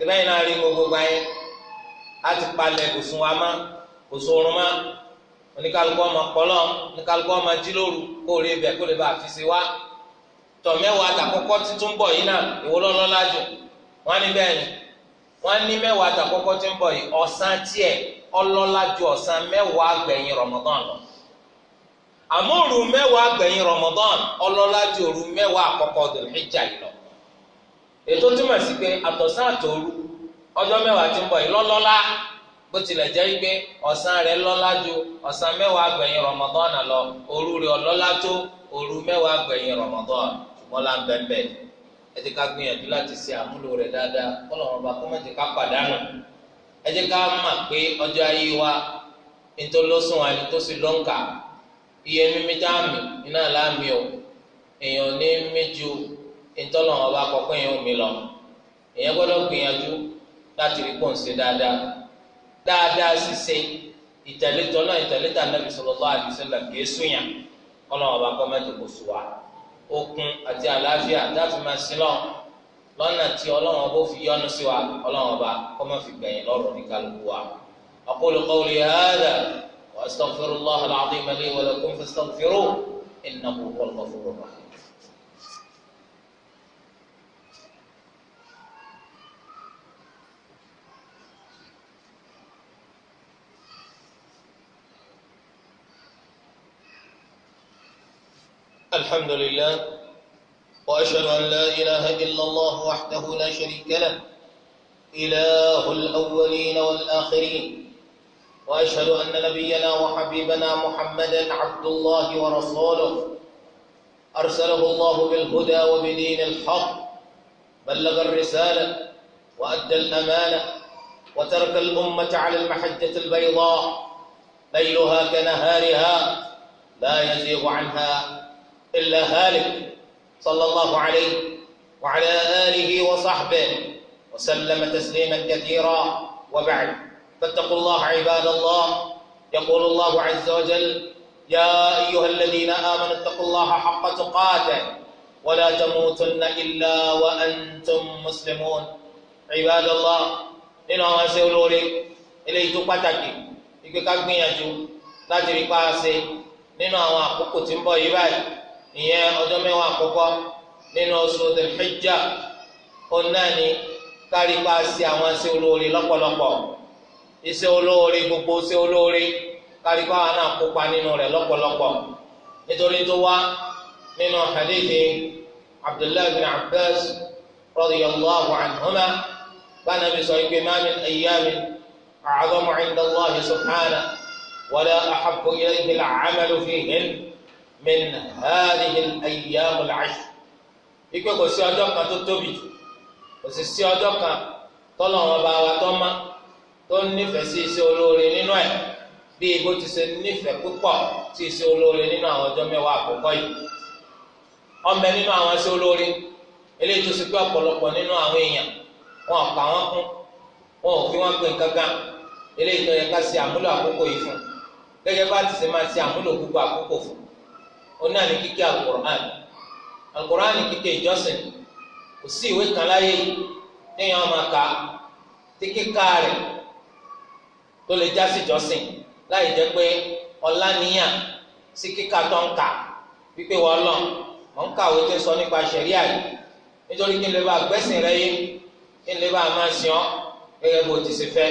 tẹ́lẹ̀yìn náà rí gbogbo báyẹn á ti palẹ̀ òsùn wa má òsùn oorun má oníkálukú ọmọ kọlọ oníkálukú ọmọ jílóru kó o rí ibẹ̀ kó o lè bá a fi si wá tọ̀mẹ́wàá àtàkọ́kọ́ títún bọ̀ yìí náà ìwọ lọ́lọ́lá jù wọ́n ní bẹ́ẹ̀ ni wọ́n ní mẹ́wàá àtàkọ́kọ́ tí ń bọ̀ yìí ọ̀sán tiẹ̀ ọlọ́lá ọ̀sán mẹ́wàá gbẹ̀yìn Ramadan lọ àmọ́ òru mẹ́wàá gbẹ̀yìn Ramadan ọlọ́lá òru mẹ́wàá àkọ́kọ́ Dhul Hijjah yìí lọ ètò túmọ̀ sí pé àtọ̀sán àtòru ọjọ́ mẹ́wàá ti ń bọ̀ yìí lọ́lọ́lá bó tilẹ̀ jẹ́ pé ọ̀sán rẹ̀ lọ́lá ju ọ̀sán mẹ́wàá gbẹ̀yìn Ramadan lọ òru rẹ̀ ọlọ́lá tó òru mẹ́wàá gbẹ̀yìn Ramadan ṣùgbọ́n ń bẹ̀bẹ̀ ẹ jẹ́ ká gbìyànjú láti ṣe àmúlò rẹ̀ dáadáa kọ́nà ọba kó ká ẹ ká mà pé ọjọ́ ayé wa iye mímí ntọ́nà ọba kọ̀ọ̀kan yẹn ò mí lọ èèyàn gbọ́dọ̀ gbìyànjú láti rí pọ́ǹsì dáadáa dáadáa ṣiṣẹ́ ìtẹ̀lé tọ́nà ìtẹ̀lé tà nàbì sallallahu alaihi wasallam kìí súnyà kọ́nà ọba kọ́ mẹ́tò kò sùn wá okun àti àlàáfíà láti máa sin lọ lọ́nà tí ọlọ́run ọba fi yọ́nú sí wa ọlọ́run ọba kọ́ mọ́ fi gbẹ̀yìn lọ́rọ̀ ní kálukú wa. aqulu qawli hadha wa astaghfirullaha al-azima li wa lakum fastaghfiruhu innahu huwal ghafurur rahim. الحمد لله وأشهد أن لا إله إلا الله وحده لا شريك له إله الأولين والآخرين وأشهد أن نبينا وحبيبنا محمدا عبد الله ورسوله أرسله الله بالهدى وبدين الحق بلغ الرسالة وأدى الأمانة وترك الأمة على المحجة البيضاء ليلها كنهارها لا يزيغ عنها إلا هالك صلى الله عليه وعلى آله وصحبه وسلم تسليما كثيرا وبعد فاتقوا الله عباد الله يقول الله عز وجل يا أيها الذين آمنوا اتقوا الله حق تقاته ولا تموتن إلا وأنتم مسلمون عباد الله إن الله سيولوري إليه تقاتك tó pàtàkì ìgbéká gbìyànjú láti rí pa á ṣe nínú àwọn àkókò ìyẹn ọjọ́ mẹ́wàá àkọ́kọ́ nínú oṣù tẹ̀fẹ́jà òun náà ni kárí pa sí àwọn ṣe olóore lọ́pọ̀lọpọ̀ iṣẹ́ olóore gbogbo ṣe olóore kárí pa àwọn náà kópa nínú rẹ̀ lọ́pọ̀lọpọ̀ nítorí tó wá nínú hadithi abdullahi bin abbas radiyallahu anhuma bana bi sọ pé ma min ayyamin a'zamu inda allahi subhanahu wa la ahabbu ilayhi min hadhihi al-ayyam al-'ashr ikpe kò sí ọjọ́ kan tó tobi jù kò sì sí kan tọ́lọ̀ wọn bá wa tọ́ ma tó nífẹ̀ẹ́ sí iṣẹ́ olóore nínú ẹ̀ bí ibo ti ṣe nífẹ̀ẹ́ púpọ̀ sí iṣẹ́ olóore nínú àwọn ọjọ́ mẹ́wàá àkọ́kọ́ yìí ọmọbẹ nínú àwọn iṣẹ́ olóore eléyìí tó ṣe pé ọ̀pọ̀lọpọ̀ nínú àwọn èèyàn wọn pa wọn kún wọn ò fi oní ni kíkẹ́ alukur'an alukur'an kíkẹ́ ìjọsìn kò sí ìwé kan láyé téèyàn máa ka tí kíkà rẹ̀ tó lè jásí ìjọsìn láì jẹ́ pé ọlá níyàn sí kíkà tó ń kà wípé wọ́n lọ mọ̀ ń kàwé tó ń sọ nípa ṣẹ̀ríà yìí nítorí kí n lè bá gbẹ́sìn rẹ yé kí n lè bá máa sìn ọ́ gẹ́gẹ́ bó ti ṣe fẹ́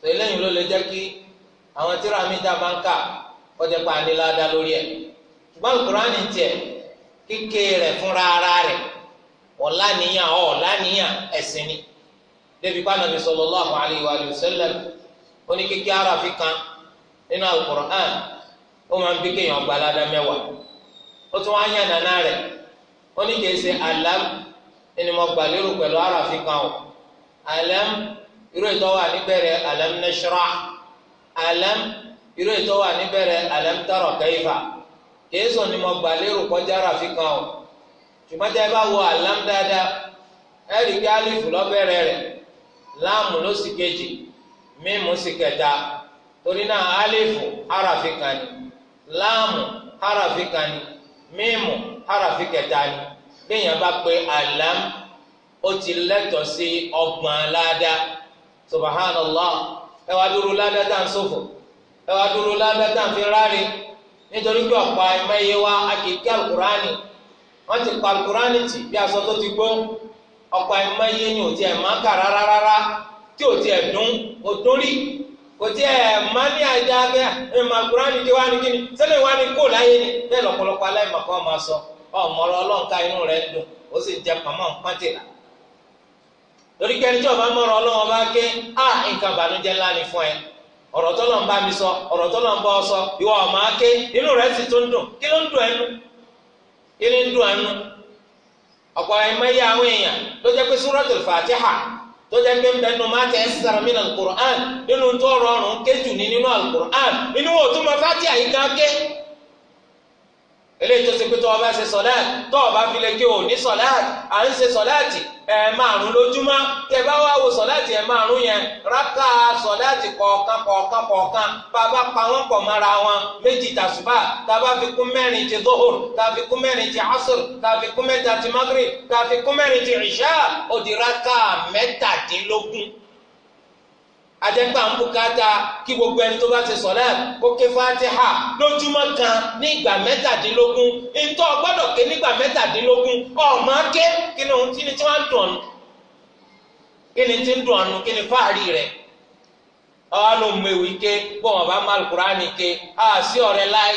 tẹ̀lé lẹ́yìn ló lè jẹ́ kí àwọn tíra mi dá máa ń kà kọjá pa àníláàdá lórí ẹ̀ ṣùgbọ́n kúránì tiẹ̀ kíké rẹ̀ fúnra ara rẹ̀ ọ̀la níyàn ọ̀la níyàn ẹ̀sìn ni débi pàdánù sallallahu alayhi wa sallam ó ní kíké ara fi kan nínú alukur'an ó máa ń bí kéèyàn gba aládá mẹ́wàá ó tún wáá yàn nàná rẹ̀ ó ní kìí ṣe alam ẹni mo gbà lérò pẹ̀lú ara fi kan o alam irú ètò wà níbẹ̀rẹ̀ alam nashrah alam irú ètò wà níbẹ̀rẹ̀ alam tara kayfa. kéésù ni mo gbà lérò kọjá ràfi ọ! o ṣùgbọ́n a bá wo alam dáadáa ẹ̀rí kí alifu lọ́bẹ̀rẹ̀ rẹ̀ láàmù ló sì kejì mímu sì kẹta torí náà alifu harafi kan ni láàmù harafi kan ni mímu harafi kẹta ni gbẹ̀yìn bá alam ó ti lẹ́tọ̀ sí ọgbọ̀n ládá ẹ wá dúró ládá tá à nítorí pé ọ̀pọ̀ àìmọye wa akéèké alukurani wọ́n ti pa alukurani tì bí aṣọ tó ti gbó ọ̀pọ̀ àìmọye ni ò tiẹ̀ ẹ kà rárá rárá tí ò tiẹ̀ dún ò rí kò tiẹ̀ máa ní ah, alukurani tí wá ní kíni sẹ́lẹ̀ wá ní kó ni bẹ́ẹ̀ lọ́pọ̀lọpọ̀ aláìmọ̀kọ́ sọ ọmọ ọlọ́ǹka inú rẹ̀ dùn ó sì jẹ pàmò pàtìlà torí kẹ́ni tí ọba mọ̀rọ̀ ọlọ́wọ́ bá gé ah, à ọ̀rọ̀ tọ́lọ̀ ń bá mi sọ ọ̀rọ̀ tọ́lọ̀ ń bá ọ sọ ìwọ ọ̀mà ké inú rẹ̀ sì tún dùn kí ló ń dùn ẹnu kí ló ń dùn ẹnu ọ̀pọ̀ àwọn èèyàn jẹ́ pé Fatiha tó jẹ́ pé nbẹ nu máa tẹ ẹsẹ̀ sara mi nà alukur'an nínú tó rọrùn kéjù ní nínú alukur'an nínú òtún ma fati eléyìí tó ṣe pé tó o bá ṣe sọláàtì tó o bá fi lè kí o ní sọláàtì à ń ṣe sọláàtì ẹ márùn lójúmọ́ tẹ bá wá wo sọláàtì ẹ márùn yẹn rákà sọláàtì kọ̀ọ̀kan kọ̀ọ̀kan kọ̀ọ̀kan bàbá pa wọ́n pọ̀ mọ́ra wọn méjì tàṣùbà tàbá fi kún mẹ́rin ti dóhùr tàfi kún mẹ́rin ti asùr tàfi kún mẹ́ta ti magrib tàfi kún mẹ́rin ti ìṣá ó rákà mẹ́tàdínlógún. ajẹ́pẹ́ àwọn bùkátà kí gbogbo ẹni tó bá ti sọ̀lẹ́ kó ké fatiha lójúmọ́ kan ní ìgbà mẹ́tàdínlógún ntọ́ gbọ́dọ̀ ké ní mẹ́tàdínlógún ọ̀ọ́mọ ké kí ni ohun tí ni tí wọ́n dùn kí ni tí ń dùn kí ni fáàrí rẹ̀ ké a sí ọ̀rẹ́ láì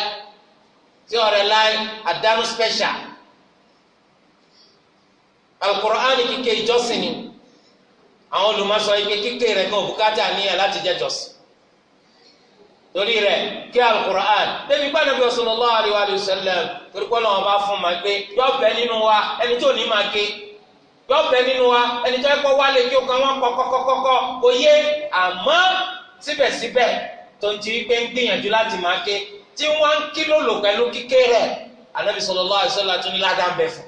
sí ọ̀rẹ́ láì àdánù special ìjọsìn ni. àwọn olùmọ̀sọ ike kíké rẹ̀ kan òbúkátà níyà láti jẹ́ jọ̀sìn torí rẹ̀ kí alukur'an débi gbàdúgbò sallallahu alaihi wa sallam torí pé ọlọ́wọ́n bá fún ma pé yọ bẹ nínú wa ẹni tó ní ma ké yọ bẹ nínú wa ẹni tó ẹkọ wálé kí o kan wọn kọkọkọkọ kò yé àmọ́ síbẹ̀síbẹ̀ tó ń ti pé ń gbìyànjú láti ma ké tí wọ́n ń kí lòlò pẹ̀lú kíké rẹ̀ anabi sallallahu alaihi wa sallam ní ládàá bẹ fún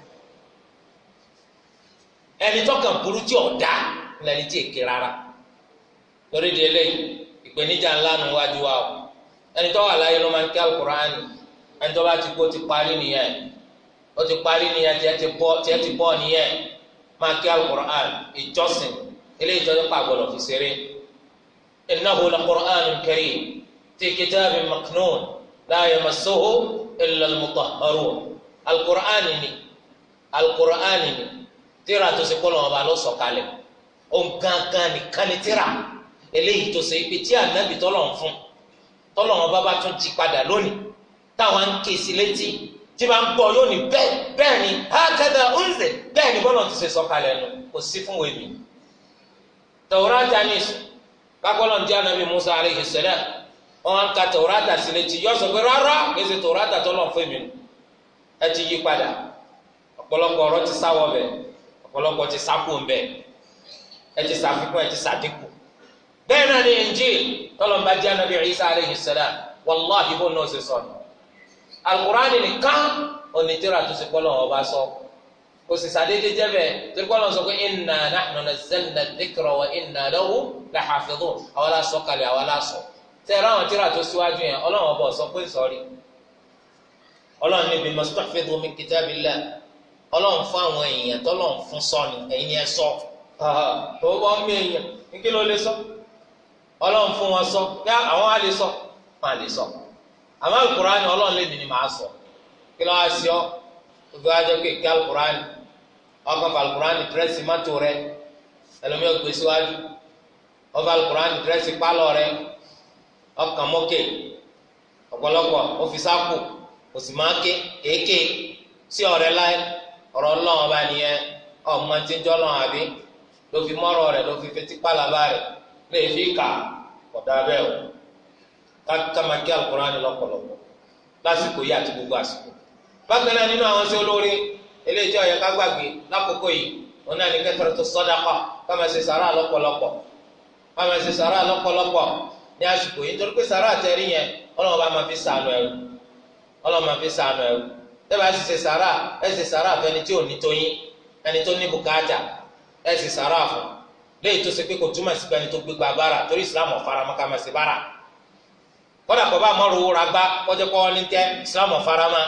ẹni tó kàn burú tí ọ̀ dáa lẹni tí èké rárá lórí di eléyìí ìpèníjà ńlá nu wájú wa o ẹni tó wà láyé ló máa ń kí alukur'ani ẹni tó bá ti kó ti parí nìyẹn ó ti parí nìyẹn tiẹ̀ ti bọ́ tiẹ̀ ti bọ́ nìyẹn máa kí alukur'ani ìjọsìn eléyìí tó ti pa àgbọ̀dọ̀ fi ṣeré innahu lakur'anun karim ti kitabin maknun la yamassuhu illa almutahharun alukur'ani ni alukur'ani ni tíra tó ti kọ́ lọ́wọ́ ba ló sọ̀kalẹ̀. ònkankan nìkan ni tíra eléyìí tó ṣe pé tí ànábì tọ́lọ̀ ń fún tọ́lọ̀ bá bá tún jí padà lónìí táwọn ń ké sí létí tí bá ń gbọ́ yóò ní bẹ́ẹ̀ bẹ́ẹ̀ ni hákẹ́dà ounze bẹ́ẹ̀ ni bọ́lọ̀ ti ṣe sọ́kalẹ̀ fún wèmí. tẹ̀wúrátà ní Musa aleyhi sẹ́lẹ̀ á ka tẹ̀wúrátà sí létí yọ sọ pé rárá kì fún mi ẹ ti yí padà ọ̀pọ̀lọpọ̀ ọ̀rọ̀ ti sáwọ́ ọ̀pọ̀lọpọ̀ ti ẹ ti ṣàfikún ẹ ti ṣàdínkù bẹ́ẹ̀ náà ni Injil tọ́lọ́mbà jẹ́ anabi Isa aleyhi salam wàláhi bó náà ṣe sọ ni alukurani nìkan onítìrà tó ṣe gbọ́dọ̀ ọba sọ kò sì ṣàdédé jẹ́ bẹ́ẹ̀ torí gbọ́dọ̀ sọ pé inna nahnu nazzalna dhikra wa inna lahu lahafidhun àwa la sọ kalẹ̀ àwa la sọ tẹ̀rọ àwọn tírà tó síwájú yẹn ọlọ́run ọba ọ̀sọ́ pé sọ́ọ́rí ọlọ́run níbi mọ́sítọ́fẹ́dùn min kitabillah ọlọ́run fún àwọn èèyàn tọ́lọ́run fún sọ́ni ẹ̀yin ni ọwọ́ ọmọ èèyàn nkí ló lè sọ ọlọ́run fún wọn sọ ní àwọn á lè sọ máa lè sọ àmọ́ alukurani ọlọ́run lè sọ kí ló wá sí ọ gbogbo alukurani alukurani dírẹ́sì mọ́tò rẹ ẹlòmí ọgbẹ síwájú alukurani rẹ mọ́kè ọ̀pọ̀lọpọ̀ kéèké sí ọ̀rẹ́ ọ̀rọ̀ ọlọ́run ọba nìyẹn ọlọ́run àbí ló fi mọ́rọ̀ rẹ̀ ló fi na pàlàbà rẹ̀ lè fi kà kọ̀dà bẹ́ẹ̀ o kákàmá kí alukurani lọ́pọ̀lọpọ̀ lásìkò yìí àti gbogbo àsìkò bákan náà nínú àwọn sí olórí eléyìí tí ká gbàgbé lákòókò yìí wọn náà ní kẹtọrọ tó ṣe sàrà lọ́pọ̀lọpọ̀ ṣe sàrà lọ́pọ̀lọpọ̀ ní àsìkò yìí nítorí pé sàrà àtẹrí yẹn bá máa fi ẹrú ẹ sì sàrà fún léyìí tó ṣe pé kò túmọ̀ sí pẹ́ni tó gbégbá bára torí islam ọ̀faramọ́ ká máa ṣe bára kọ́dà kọ́ bá mọ́rò owó ra gbá kọ́jọ́ kọ́ ní tẹ́ islam ọ̀faramọ́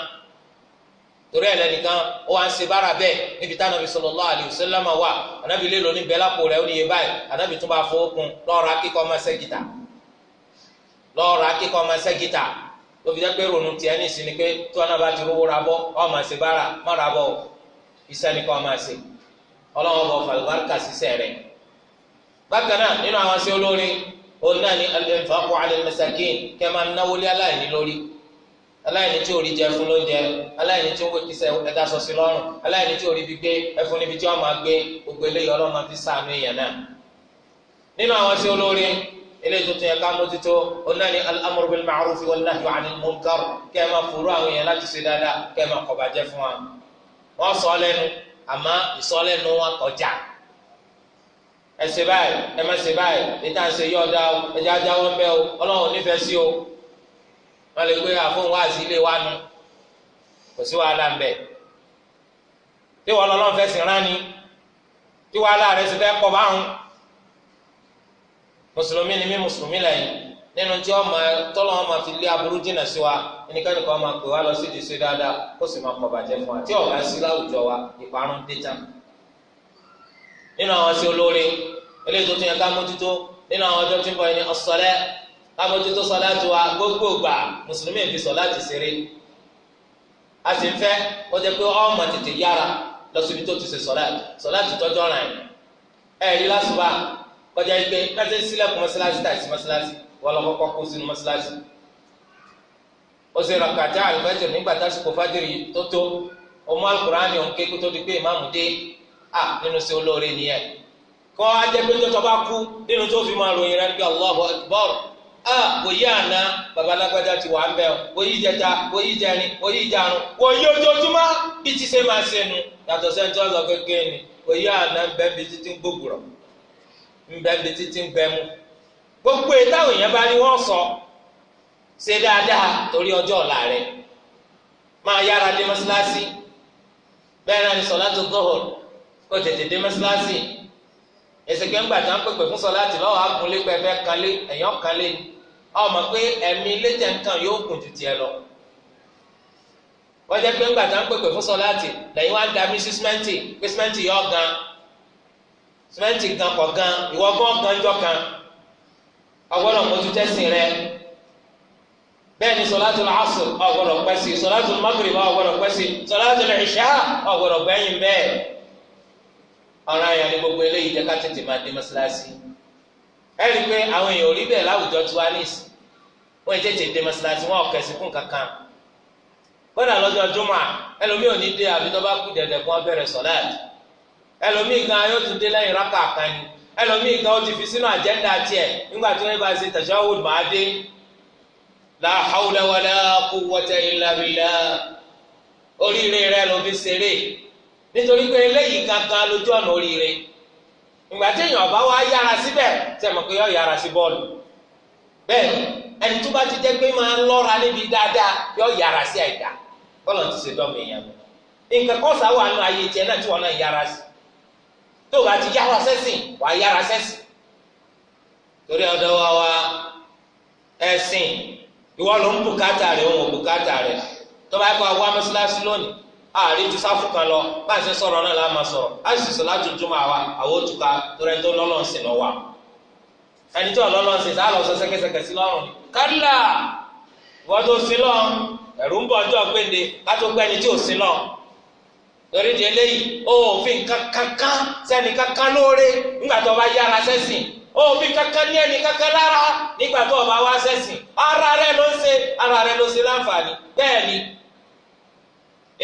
torí ẹ̀ lẹ́nìkan ó wá ń ṣe bára bẹ́ẹ̀ níbi tá anabi sallallahu alaihi wasallam wà anabi lélo ní bẹ́ẹ̀ rẹ̀ ó níye báyìí anabi tún bá fowó kun lọ́ọ̀rọ̀ ọlọ́wọ́n bọ̀ fàlùbáríkà sísẹ̀ rẹ̀ bákan náà nínú àwọn sí olórí òun náà ní al-infaq ala al-masakin kẹ́ máa náwó lé aláìní lórí aláìní tí orí jẹ fún lóúnjẹ aláìní tí ó wé kíṣẹ ẹdá sọ sí lọ́rùn aláìní tí orí bí gbé ẹfun níbi tí wọn máa gbé gbogbo eléyìí ọlọ́mọ fi ṣàánú èèyàn náà nínú àwọn sí olórí eléyìí tó tún ká mójútó òun náà ní al-amru bil ma'ruf wan-nahyu 'anil munkar kẹ́ máa fòrò àwọn èèyàn láti ṣe dáadáa kẹ́ máa kọ̀ àmọ́ ìsọlẹ́nu wọn kọjá ẹ ṣe báyìí ẹ má ṣe báyìí níta ṣe yí ọ̀dà o ẹ já jáwọ́ ń bẹ́ o ọlọ́run nífẹ̀ẹ́ sí o wọ́n lè gbé àfọ̀n wá sí ilé wa nu kò sí wàhálà ń bẹ̀ tí wọ́n lọ́lọ́run fẹ́ sìn rán ni tí wàhálà rẹ̀ sì fẹ́ pọ̀ báwọn mùsùlùmí ni mí mùsùlùmí lẹ́yìn nínú tí wọn máa tọ́lọ́ wọn fi lé aburú jìnnà sí wa ẹnikẹ́ni kan máa pè wá lọ sí ìdíṣe dáadáa kó sì máa pọ̀bàjẹ́ fún wa tí ọ̀gá sí láwùjọ wa ìparun dé tán. nínú àwọn ọṣẹ olóore eléyìí tó tún yẹ ká mójútó nínú àwọn ọjọ́ tí ń bọ̀ ẹni ọ̀sọ̀lẹ́ ká mójútó sọ̀lá ti wa gbogbo gbà mùsùlùmí fi sọ̀lá ti ṣeré. a sì ń fẹ́ kó jẹ́ pé ọmọ tètè yára lọ síbi tó ti ṣe sọ̀lá sọ̀lá wọ́n lọ kọ́kọ́ kó sínú mọ́ṣáláṣí ó sì rà kàtá àlùfẹ́jọ nígbà toto fájìrì alukurani ọ̀hún ké di pé ìmáàmù dé à nínú sí olóore nìyẹn kọ́ ajẹ́ pé tó tó bá tó fi máa ròyìn rẹ̀ níbi Allahu Akbar a wòye ana babalágbádá ti ti ṣe máa nu yàtọ̀ gbogbo ìtàwọn èèyàn bá rí wọn sọ ṣe dáadáa torí ọjọ́ ọ̀la rẹ máa yára dé mọ́ṣáláṣí bẹ́ẹ̀ náà ni sọlá tó gbọ́họ̀ kó tètè dé mọ́ṣáláṣí èsèké ńgbà tí pèpè fún sọlá tì agunlé kanlé kanlé ọmọ pé nǹkan yóò lọ wọ́n jẹ́ pé ńgbà tí wọ́n pèpè fún sọlá tì lẹ́yìn da mí jọ agbọ́dọ̀ mójú tẹ́sìn rẹ bẹ́ẹ̀ ni sọláàtù làásù ọ̀gbọ́dọ̀ pẹ́ sí sọláàtù magrib ọ̀gbọ́dọ̀ pẹ́ sí sọláàtù ìṣá ọ̀gbọ́dọ̀ gbẹ̀yìn bẹ́ẹ̀ ọ̀ràn àyàn ni gbogbo eléyìí jẹ́ ká tètè máa dé mọ́sálásí ẹ rí i pé àwọn èèyàn ò rí bẹ́ẹ̀ láwùjọ tí wàá nìsí wọ́n tètè dé mọ́sálásí wọn ò kẹ̀sì fún kankan gbọ́dọ̀ lọ́jọ́ júmọ̀ ẹlòmíì ò ní dé àbí tó bá kú dẹ̀dẹ̀ kó wọ́n bẹ̀rẹ̀ ẹlòmíì gan yóò tún dé lẹ́yìn rákà kan ni ẹlòmíì kan ó ti fi sínú àjẹ́ndà tiẹ̀ nígbà tí wọ́n bá ṣe dé oríire rẹ ló fi ṣeré nítorí pé eléyìí kankan lójú ọ̀nà oríire ìgbà tí èèyàn bá wá yára síbẹ̀ tẹ̀ pé yọ yára sí bọ́ọ̀lù bẹ́ẹ̀ ẹni tó bá ti jẹ́ pé máa lọ́ra níbi dáadáa yọ yára sí àìdá bọ́ọ̀lù ti ṣe dọ́mọ èèyàn nǹkan kọ́sà wà nù ayé tiẹ̀ náà tí wọ́n náà yára tó o bá ti yára sẹ́sìn wà á yára sẹ́sìn torí ọ̀dọ̀ wa wa ẹ̀sìn ìwọ ló ń bùkátà rẹ̀ òun ò bùkátà rẹ̀ tó bá lónìí ti sáfù kan lọ bá a ṣe sọ̀rọ̀ náà la máa a sì sọ láti àwa àwọn tó lọ ẹni tó lọ sọ sẹ́kẹsẹkẹ sí lọ́rùn kálá ìwọ́n tó sí lọ ẹ̀rù ń tí torí eléyìí òfin kankan sẹ́ni kankan lóore nígbà tó bá yára sẹ́sìn òfin kankan ní ẹni kankan lára nígbà tó bá wá sẹ́sìn ara rẹ ló ń ara rẹ ló ṣe láǹfààní bẹ́ẹ̀ ni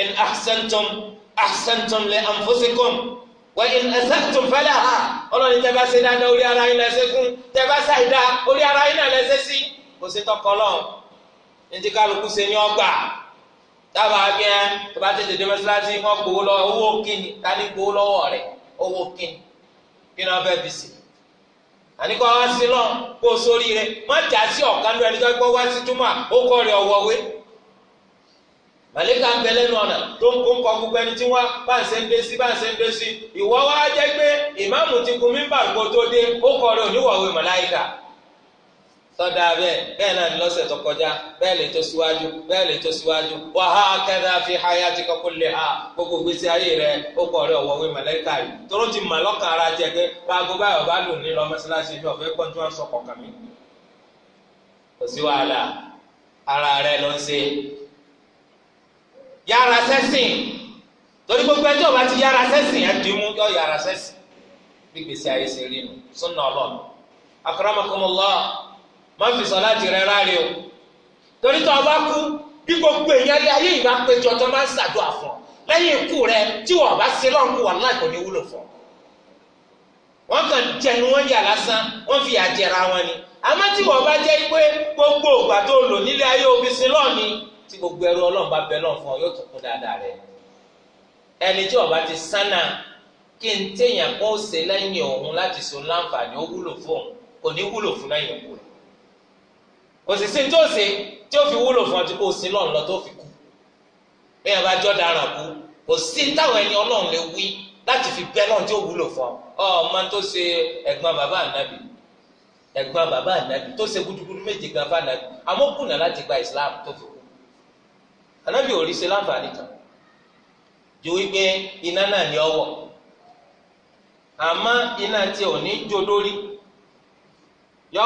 in accentum, accentum le anfusikum wa in asa'tum falaha ọlọ́ni tẹ́ bá ṣe dáadáa orí ara yín bá orí ara yín sí kò sí ní ti ní ọgbà. taba bí ẹ tó bá tètè dé mọ́ṣáláṣí wọ́n gbowó owó kíni tani gbowó lọ́wọ́ rẹ̀ owó kíni kí ni wọ́n fẹ́ fi sí i àníkọ́ wá sí lọ kó o sórí rẹ má jà sí ọ̀kan ẹni tó wá sí túmọ̀ ó kọ́ màlíkà ń bẹ lẹ́nu ọ̀nà tó ń kó ń gbogbo ẹni tí wọ́n bá ń tọ́da bẹ́ẹ̀ bẹ́ẹ̀ náà ní lọ́sẹ̀ tó kọjá bẹ́ẹ̀ lè tó síwájú bẹ́ẹ̀ lè tó síwájú wa hakadha fi hayatika kulliha gbogbo gbèsè ayé rẹ ó kọ̀ rẹ ọ̀wọ́wé mọ̀lẹ́kà yìí tóró ti mọ̀ lọ́kàn ara jẹ pé báago báyọ̀ bá lò ní lọ mọ́sálásí mi ọ̀fẹ́ pọ̀ tí wọ́n kọ̀ọ̀kan mi. kò sí wàhálà ara rẹ ló ń ṣe. yára sẹ́sìn torí gbogbo ẹjọ́ bá ti yára sẹ́sìn má fi sọ láti rẹ rárẹ o torí tó o bá kú bí gbogbo èèyàn lé ayé ìbá péjọ tó máa ń ṣàdúrà fún ọ lẹ́yìn ikú rẹ tí wọn bá ṣe lọ́nkù wà láì kò ní wúlò fún ọ wọn kàn jẹnu wọn yà lásán wọn fi àjẹra wọn ni àmọ́ tí wọn bá jẹ́ pé gbogbo ìgbà tó lò nílé ayé omi sí lọ́ọ̀ni tí gbogbo ẹrú ọlọ́run bá bẹ lọ́ọ̀ fún ọ yóò tún kún dáadáa rẹ ẹni tí ọba ti sánà kí n téèyàn kó ṣe lẹ́yìn òun láti so láǹfààní ó wúlò fún òun kò ní wúlò fún lẹ́yìn òun osisi tí tí ó fi wúlò fún ọ kò sí lọ́nà tó fi kú bí ẹ bá jọ dára kú táwọn ẹni ọlọ́run lè fi bẹ́ lọ́n tí ó wúlò fún ọ ọmọ tó ṣe ẹ̀gbọ́n bàbá ànábì ẹ̀gbọ́n bàbá ànábì tó ṣe gudugudu méje gan fún ànábì gba Islam tó fi kú ànábì ò rí ṣe láǹfààní kan ju wípé iná náà ni ọwọ́ àmọ́ iná tí ò ní jó lórí yọ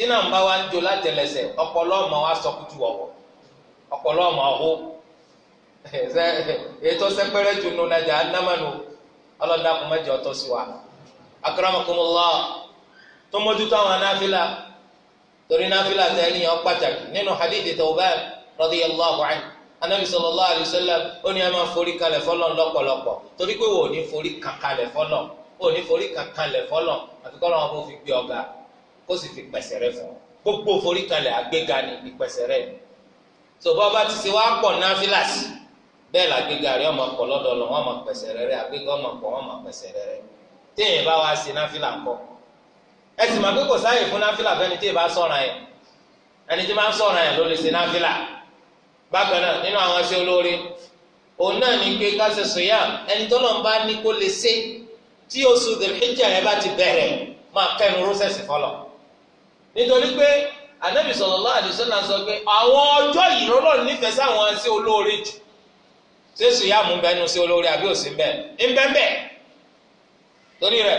tí náà ń bá wa ń jó látẹlẹsẹ ọpọlọ ọmọ wa sọ kútu ọwọ ọpọlọ ọmọ ọhó ètò sẹpẹrẹ tún nù nàjà anamanu ọlọ́dà kò mẹjọ tó sí wa akramakumullah tó mójútó àwọn anáfíà torí náfíà tẹ́lẹ̀ yẹn pàtàkì nínú hadithi Tawban radiyallahu anhu anabi sallallahu alayhi wa sallam ó ní a máa forí kalẹ̀ fọlọ́n lọ́pọ̀lọpọ̀ torí pé wò ó ní forí kankalẹ̀ fọlọ́n ó ní forí kankalẹ̀ fọlọ́n àfikọ́ làwọn kò fi gbé ọ̀gá kó sì fi pẹ̀sẹ̀ rẹ fún ọ gbogbo foríkalẹ̀ àgbéga ni ìpẹ̀sẹ̀ rẹ sọ̀bọ́ bá ti ṣe wá pọ̀ náfìlàsì bẹ́ẹ̀ làgbéga rẹ ọmọ pọ̀ lọ́dọ̀ lọ wọn mọ̀ pẹ̀sẹ̀ rẹ rẹ àgbéga ọmọ pọ̀ wọn mọ̀ pẹ̀sẹ̀ rẹ rẹ téèyàn bá wá sí náfìlà ńkọ́ ẹ sì máa gbégbò sáyè fún náfìlà fẹ́ni tí ì bá sọ̀rọ̀ yẹn ẹni tí máa ń sọ̀rọ̀ yẹn ló lè ṣe náfìlà bákan náà nínú àwọn ẹṣẹ olóore òun náà ní pé káṣẹ sòyà ẹni tó lọ́n bá ní kó lè ṣe tí oṣù Dhul Hijjah yẹn bá ti bẹ̀rẹ̀ máa kẹ́nu rọ́sẹ̀sì fọlọ́ nítorí pé anabi sallallahu alaihi wasallam sọ pé àwọn ọjọ́ yìí lọ́lọ́run nífẹ̀ẹ́ sáwọn sí olóore jù sẹ́sù yá mú bẹnu sí olóore àbí òsì ń bẹ ń bẹ bẹ torí rẹ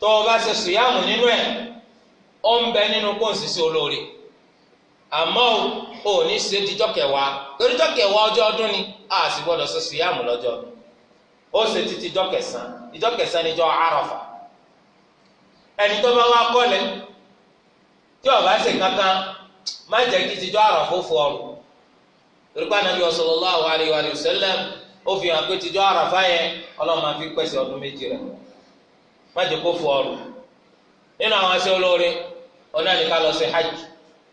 tó o bá sẹ́sù yá mú nínú ẹ̀ ó bẹ nínú sí olóore àmọ́ o ò ní ṣe dijọ́ kẹwàá torí jọ́ kẹwàá ọjọ́ ọdún ni a sì gbọ́dọ̀ sẹ́sù yá mú lọ́jọ́ ó ṣe títí jọ́ kẹsàn-án ìjọ́ kẹsàn-án ni tí ọba ṣe kankan má jẹ́ kí ti jọ àràfófó ọrùn torípa nàbí sallallahu alaihi wa sallam ó fi hàn pé ti jọ àràfá yẹn ọlọ́run máa fi pèsè ọdún méjì rẹ̀ má jẹ́ kó fọ ọrùn nínú àwọn aṣọ olóore ọ̀nà ni ká lọ sí hajj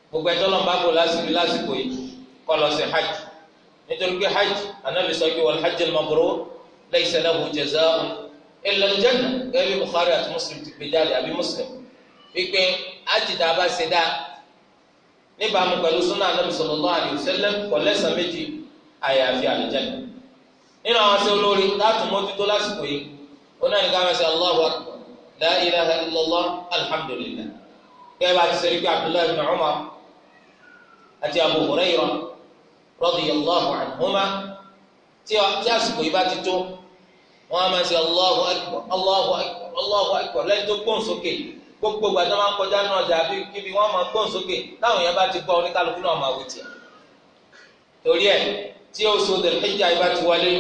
gbogbo ẹjọ́ lọ́n bá bò lásìkò yìí kọ́ lọ sí hajj nítorí pé hajj anábì sọ pé wal hajjul mabrur laysa lahu jazaa'un illa al-jannah wípé ájìdá bá ṣe dá níbàámu pẹ̀lú súnà anábì sallallahu alaihi wasallam kò lẹ́sàn-án méjì àyàfi àlùjáde nínú àwọn ṣe olórí láti mójútó lásìkò yìí ó náà ní ká máa ṣe Allahu akbar la ilaha illallah alhamdulillah kẹ́ẹ́ bá ti ṣe wípé Abdullahi bin Umar àti Abu Hurairah radiyallahu anhuma tí àsìkò yìí bá ti tó wọ́n á máa ṣe Allahu akbar Allahu akbar Allahu akbar lẹ́yìn tó gbóhùn sókè yìí gbogbo ìgbà tó máa ń kọjá náà ọjà àbí kíbi wọn máa gbọ́n sókè táwọn èèyàn bá ti gbọ́ oníkálukú náà máa wò tiẹ̀ torí ẹ̀ tí ó so dẹ̀rẹ̀ ìjà ìbá ti wọlé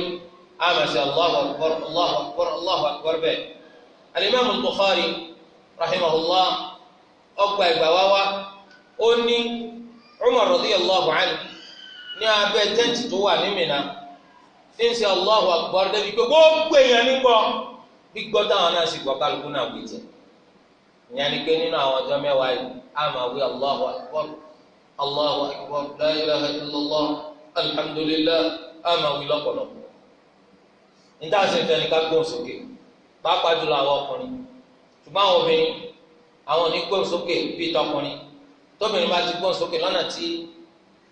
àmàṣe Allahu akbar Allahu akbar Allahu akbar bẹ́ẹ̀ alimami Bukhari rahimahullah ọgbà ìgbà wá wá ó ní Umar radiyallahu anhu ní abẹ́ tẹ́ǹtì tó wà ní Mina tí ń ṣe Allahu ìyẹn ni pé nínú àwọn ọjọ́ mẹ́wàá yìí a máa wí Allahu akbar Allahu akbar la ilaha illallah alhamdulillah a máa wí lọ́pọ̀lọpọ̀ níta ṣe fẹ́ ni ká gbóhùn sókè pàápàá jùlọ àwọn ọkùnrin ṣùgbọ́n àwọn obìnrin àwọn ò ní gbóhùn sókè bíi tọkùnrin tóbìnrin bá ti gbóhùn sókè lọ́nà tí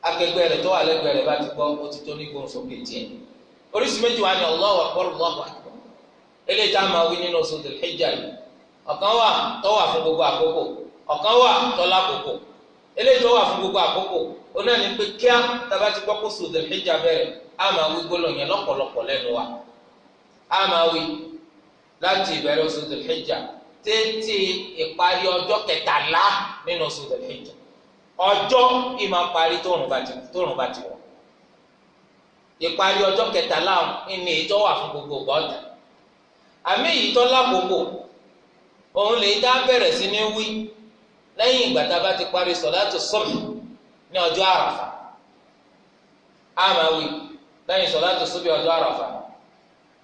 akẹgbẹ́ rẹ̀ tó wà lẹ́gbẹ̀ẹ́ rẹ̀ bá ti gbọ́ ó ti tó ní gbóhùn sókè tiẹ̀ oríṣi méjì wá ní Allahu akbar ọ̀kan wà tó wà fún gbogbo àkókò ọ̀kan wà tó lákòókò eléyìí tó wà fún gbogbo àkókò ó náà ní pé kíá tába ti gbọ́ kó sòdè méjà bẹ̀rẹ̀ á máa wí gbólóhùn yẹn lọ́pọ̀lọpọ̀ lẹ́nu wa á máa wí láti ìbẹ̀rẹ̀ oṣù Dhul-Hijja títí ìparí ọjọ́ kẹtàlá nínú oṣù Dhul-Hijja ọjọ́ ìmọ̀ parí tóòrùn bá ti wọ̀ ìparí ọjọ́ kẹtàlá ní ìjọ wà fún gbogbo ọgbà ọ̀tà àmì ìyítọ́ lákòókò òun lè dá bẹ̀rẹ̀ sí ní wí lẹ́yìn ìgbà tá a bá ti parí sọ̀látù sọ́mù ní ọjọ́ àràfà á máa wí lẹ́yìn sọ̀látù sọ́mù ọjọ́ àràfà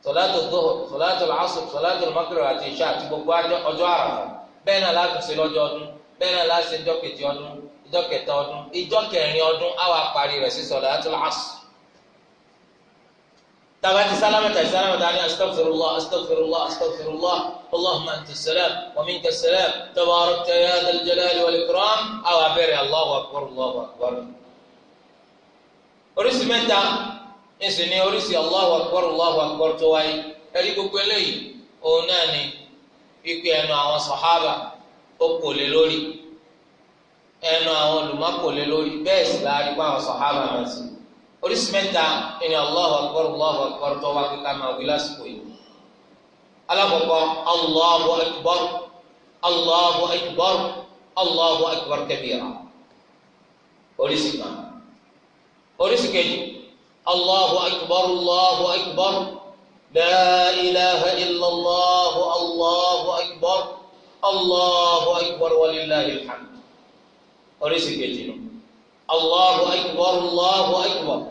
sọ̀látù dóhò sọ̀látù làásù sọ̀látù lọ́mọkìrì àti ìṣá àti gbogbo ọjọ́ àràfà bẹ́ẹ̀ náà láti ṣe lọ́jọ́ ọdún bẹ́ẹ̀ náà láti ṣe ìjọ kejì ọdún ìjọ kẹta ọdún ìjọ kẹrin ọdún á wà parí rẹ̀ sí sọ̀látù làásù تابعتي سلامة سلامة يعني أستغفر الله أستغفر الله أستغفر الله اللهم أنت السلام ومنك السلام تباركت يا ذا الجلال والإكرام أو أبير الله أكبر الله أكبر oríṣi mẹ́ta ẹ̀sìn ni oríṣi Allahu Akbar Allahu Akbar tó wáyé ẹ̀rí gbogbo eléyìí òun náà ni pípé ẹnu àwọn sàhábà ó kò lé lórí ẹnu àwọn olùmọ̀ kò lórí bẹ́ẹ̀ sì láàrin pa àwọn sàhábà náà sí i oríṣi mẹ́ta ẹni Allahu akbar Allahu akbar tó wá kíkà máa wí lásìkò yìí alákọ̀ọ́kọ́ Allahu akbar Allahu akbar Allahu akbar kabira oríṣi kan oríṣi kejì Allahu akbar Allahu akbar la ilaha illallah Allahu akbar Allahu akbar walillahil hamd oríṣi kejì nù Allahu akbar Allahu akbar.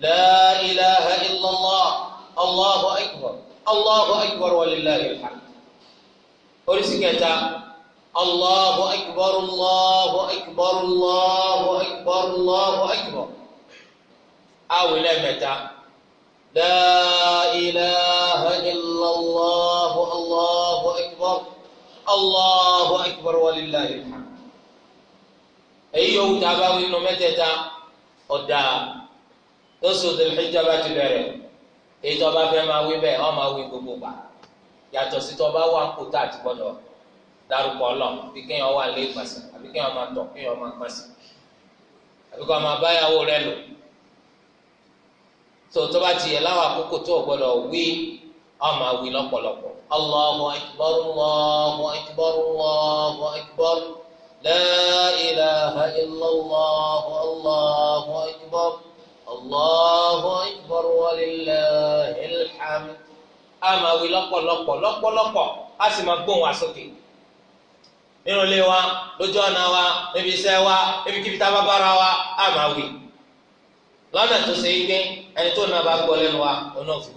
لا إله إلا الله الله أكبر الله أكبر ولله الحمد أرسل الله أكبر الله أكبر الله أكبر الله أكبر أو لمتى لا إله إلا الله الله أكبر الله أكبر ولله الحمد أيوه تابعوا إنه متى أدى oṣù tòlùhíjà bá ti bẹ̀rẹ̀ èyí tó bá fẹ́ máa wí bẹ́ẹ̀ ọ máa wí gbogbo gbà yàtọ̀ sí tó bá wà ya àti gbọ́dọ̀ dárúkọ ọlọ́ ya kéèyàn wà lé ìgbàsẹ̀ àbí kéèyàn máa tọ̀ kéèyàn máa gbàsẹ̀ àbí kó máa báyàwó rẹ lò tó tó bá ti yẹ láwọn àkókò tó gbọ́dọ̀ wí ọ máa wí lọ́pọ̀lọpọ̀ Allahu akbar Allahu akbar Allahu akbar la ilaha illallah Allahu akbar. Allahu akbar walillahil hamd a máa wí lọ́pọ̀lọpọ̀ lọ́pọ̀lọpọ̀ a sì máa gbóhùn àsókè nínú ilé wa lójú ọ̀nà wa níbi iṣẹ́ wa níbi kíbi tá a bá bára wa a máa wí lọ́nà tó ṣe é gbé ẹni tó náà bá gbọ́ lẹ́nu wa òun náà fi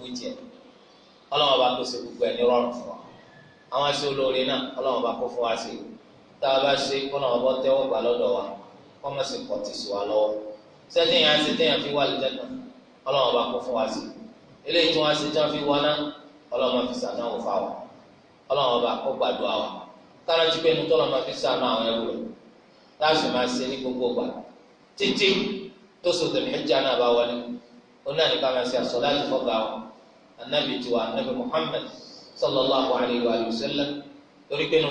ọlọ́wọ́n bá tó ṣe gbogbo ẹ̀ ní rọrùn fún wa àwọn aṣọ olóore náà ọlọ́wọ́n bá kó fún wa sí i tá a bá ṣe kọ́nà ọ̀bọ tẹ́wọ́ gbà lọ́dọ̀ wa kọ́mọ̀sí pọ̀ ti wa lọ́wọ́ sẹ́tẹ̀ yẹn ṣe tẹ́yàn fi wá lẹ́jẹ̀dọ̀ ọlọ́run bá kó fún wa sí eléyìí tí wọ́n ṣe tẹ́yàn fi wá náà ọlọ́run máa fi sàdánwò fà wá ọlọ́run bá kó gbàdúrà wa kára ti pé nutọ́lọ́ máa fi sànú àwọn ẹrú rẹ̀ láti máa ṣe ní gbogbo gbà títí tó so tẹ̀lé méjì náà bá wọlé ó náà ní ká máa ṣe àṣọ láti fọ́gà wa anabi tiwa anabi Muhammad sallallahu alayhi wa sallam torí pé nù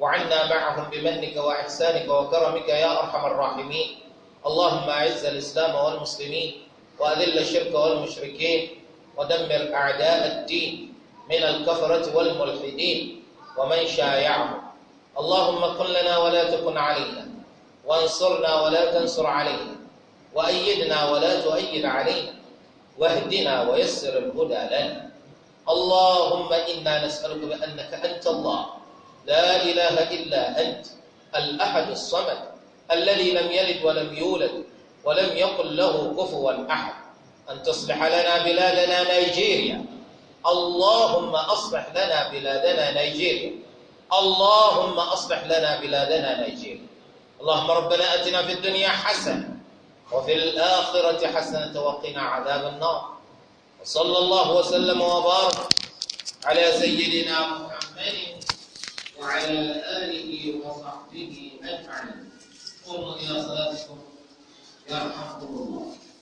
وعنا معهم بمنك وإحسانك وكرمك يا أرحم الراحمين اللهم أعز الإسلام والمسلمين وأذل الشرك والمشركين ودمر أعداء الدين من الكفرة والملحدين ومن شايعهم اللهم كن لنا ولا تكن علينا وانصرنا ولا تنصر علينا وأيدنا ولا تؤيد علينا واهدنا ويسر الهدى لنا اللهم إنا نسألك بأنك أنت الله لا إله إلا أنت الأحد الصمد الذي لم يلد ولم يولد ولم يقل له كفوا أحد أن تصلح لنا بلادنا نيجيريا اللهم أصلح لنا بلادنا نيجيريا اللهم أصلح لنا بلادنا نيجيريا اللهم ربنا أتنا في الدنيا حسنة وفي الآخرة حسنة وقنا عذاب النار وصلى الله وسلم وبارك على سيدنا محمد وعلى آله وصحبه أجمعين قوموا إلى صلاتكم يرحمكم الله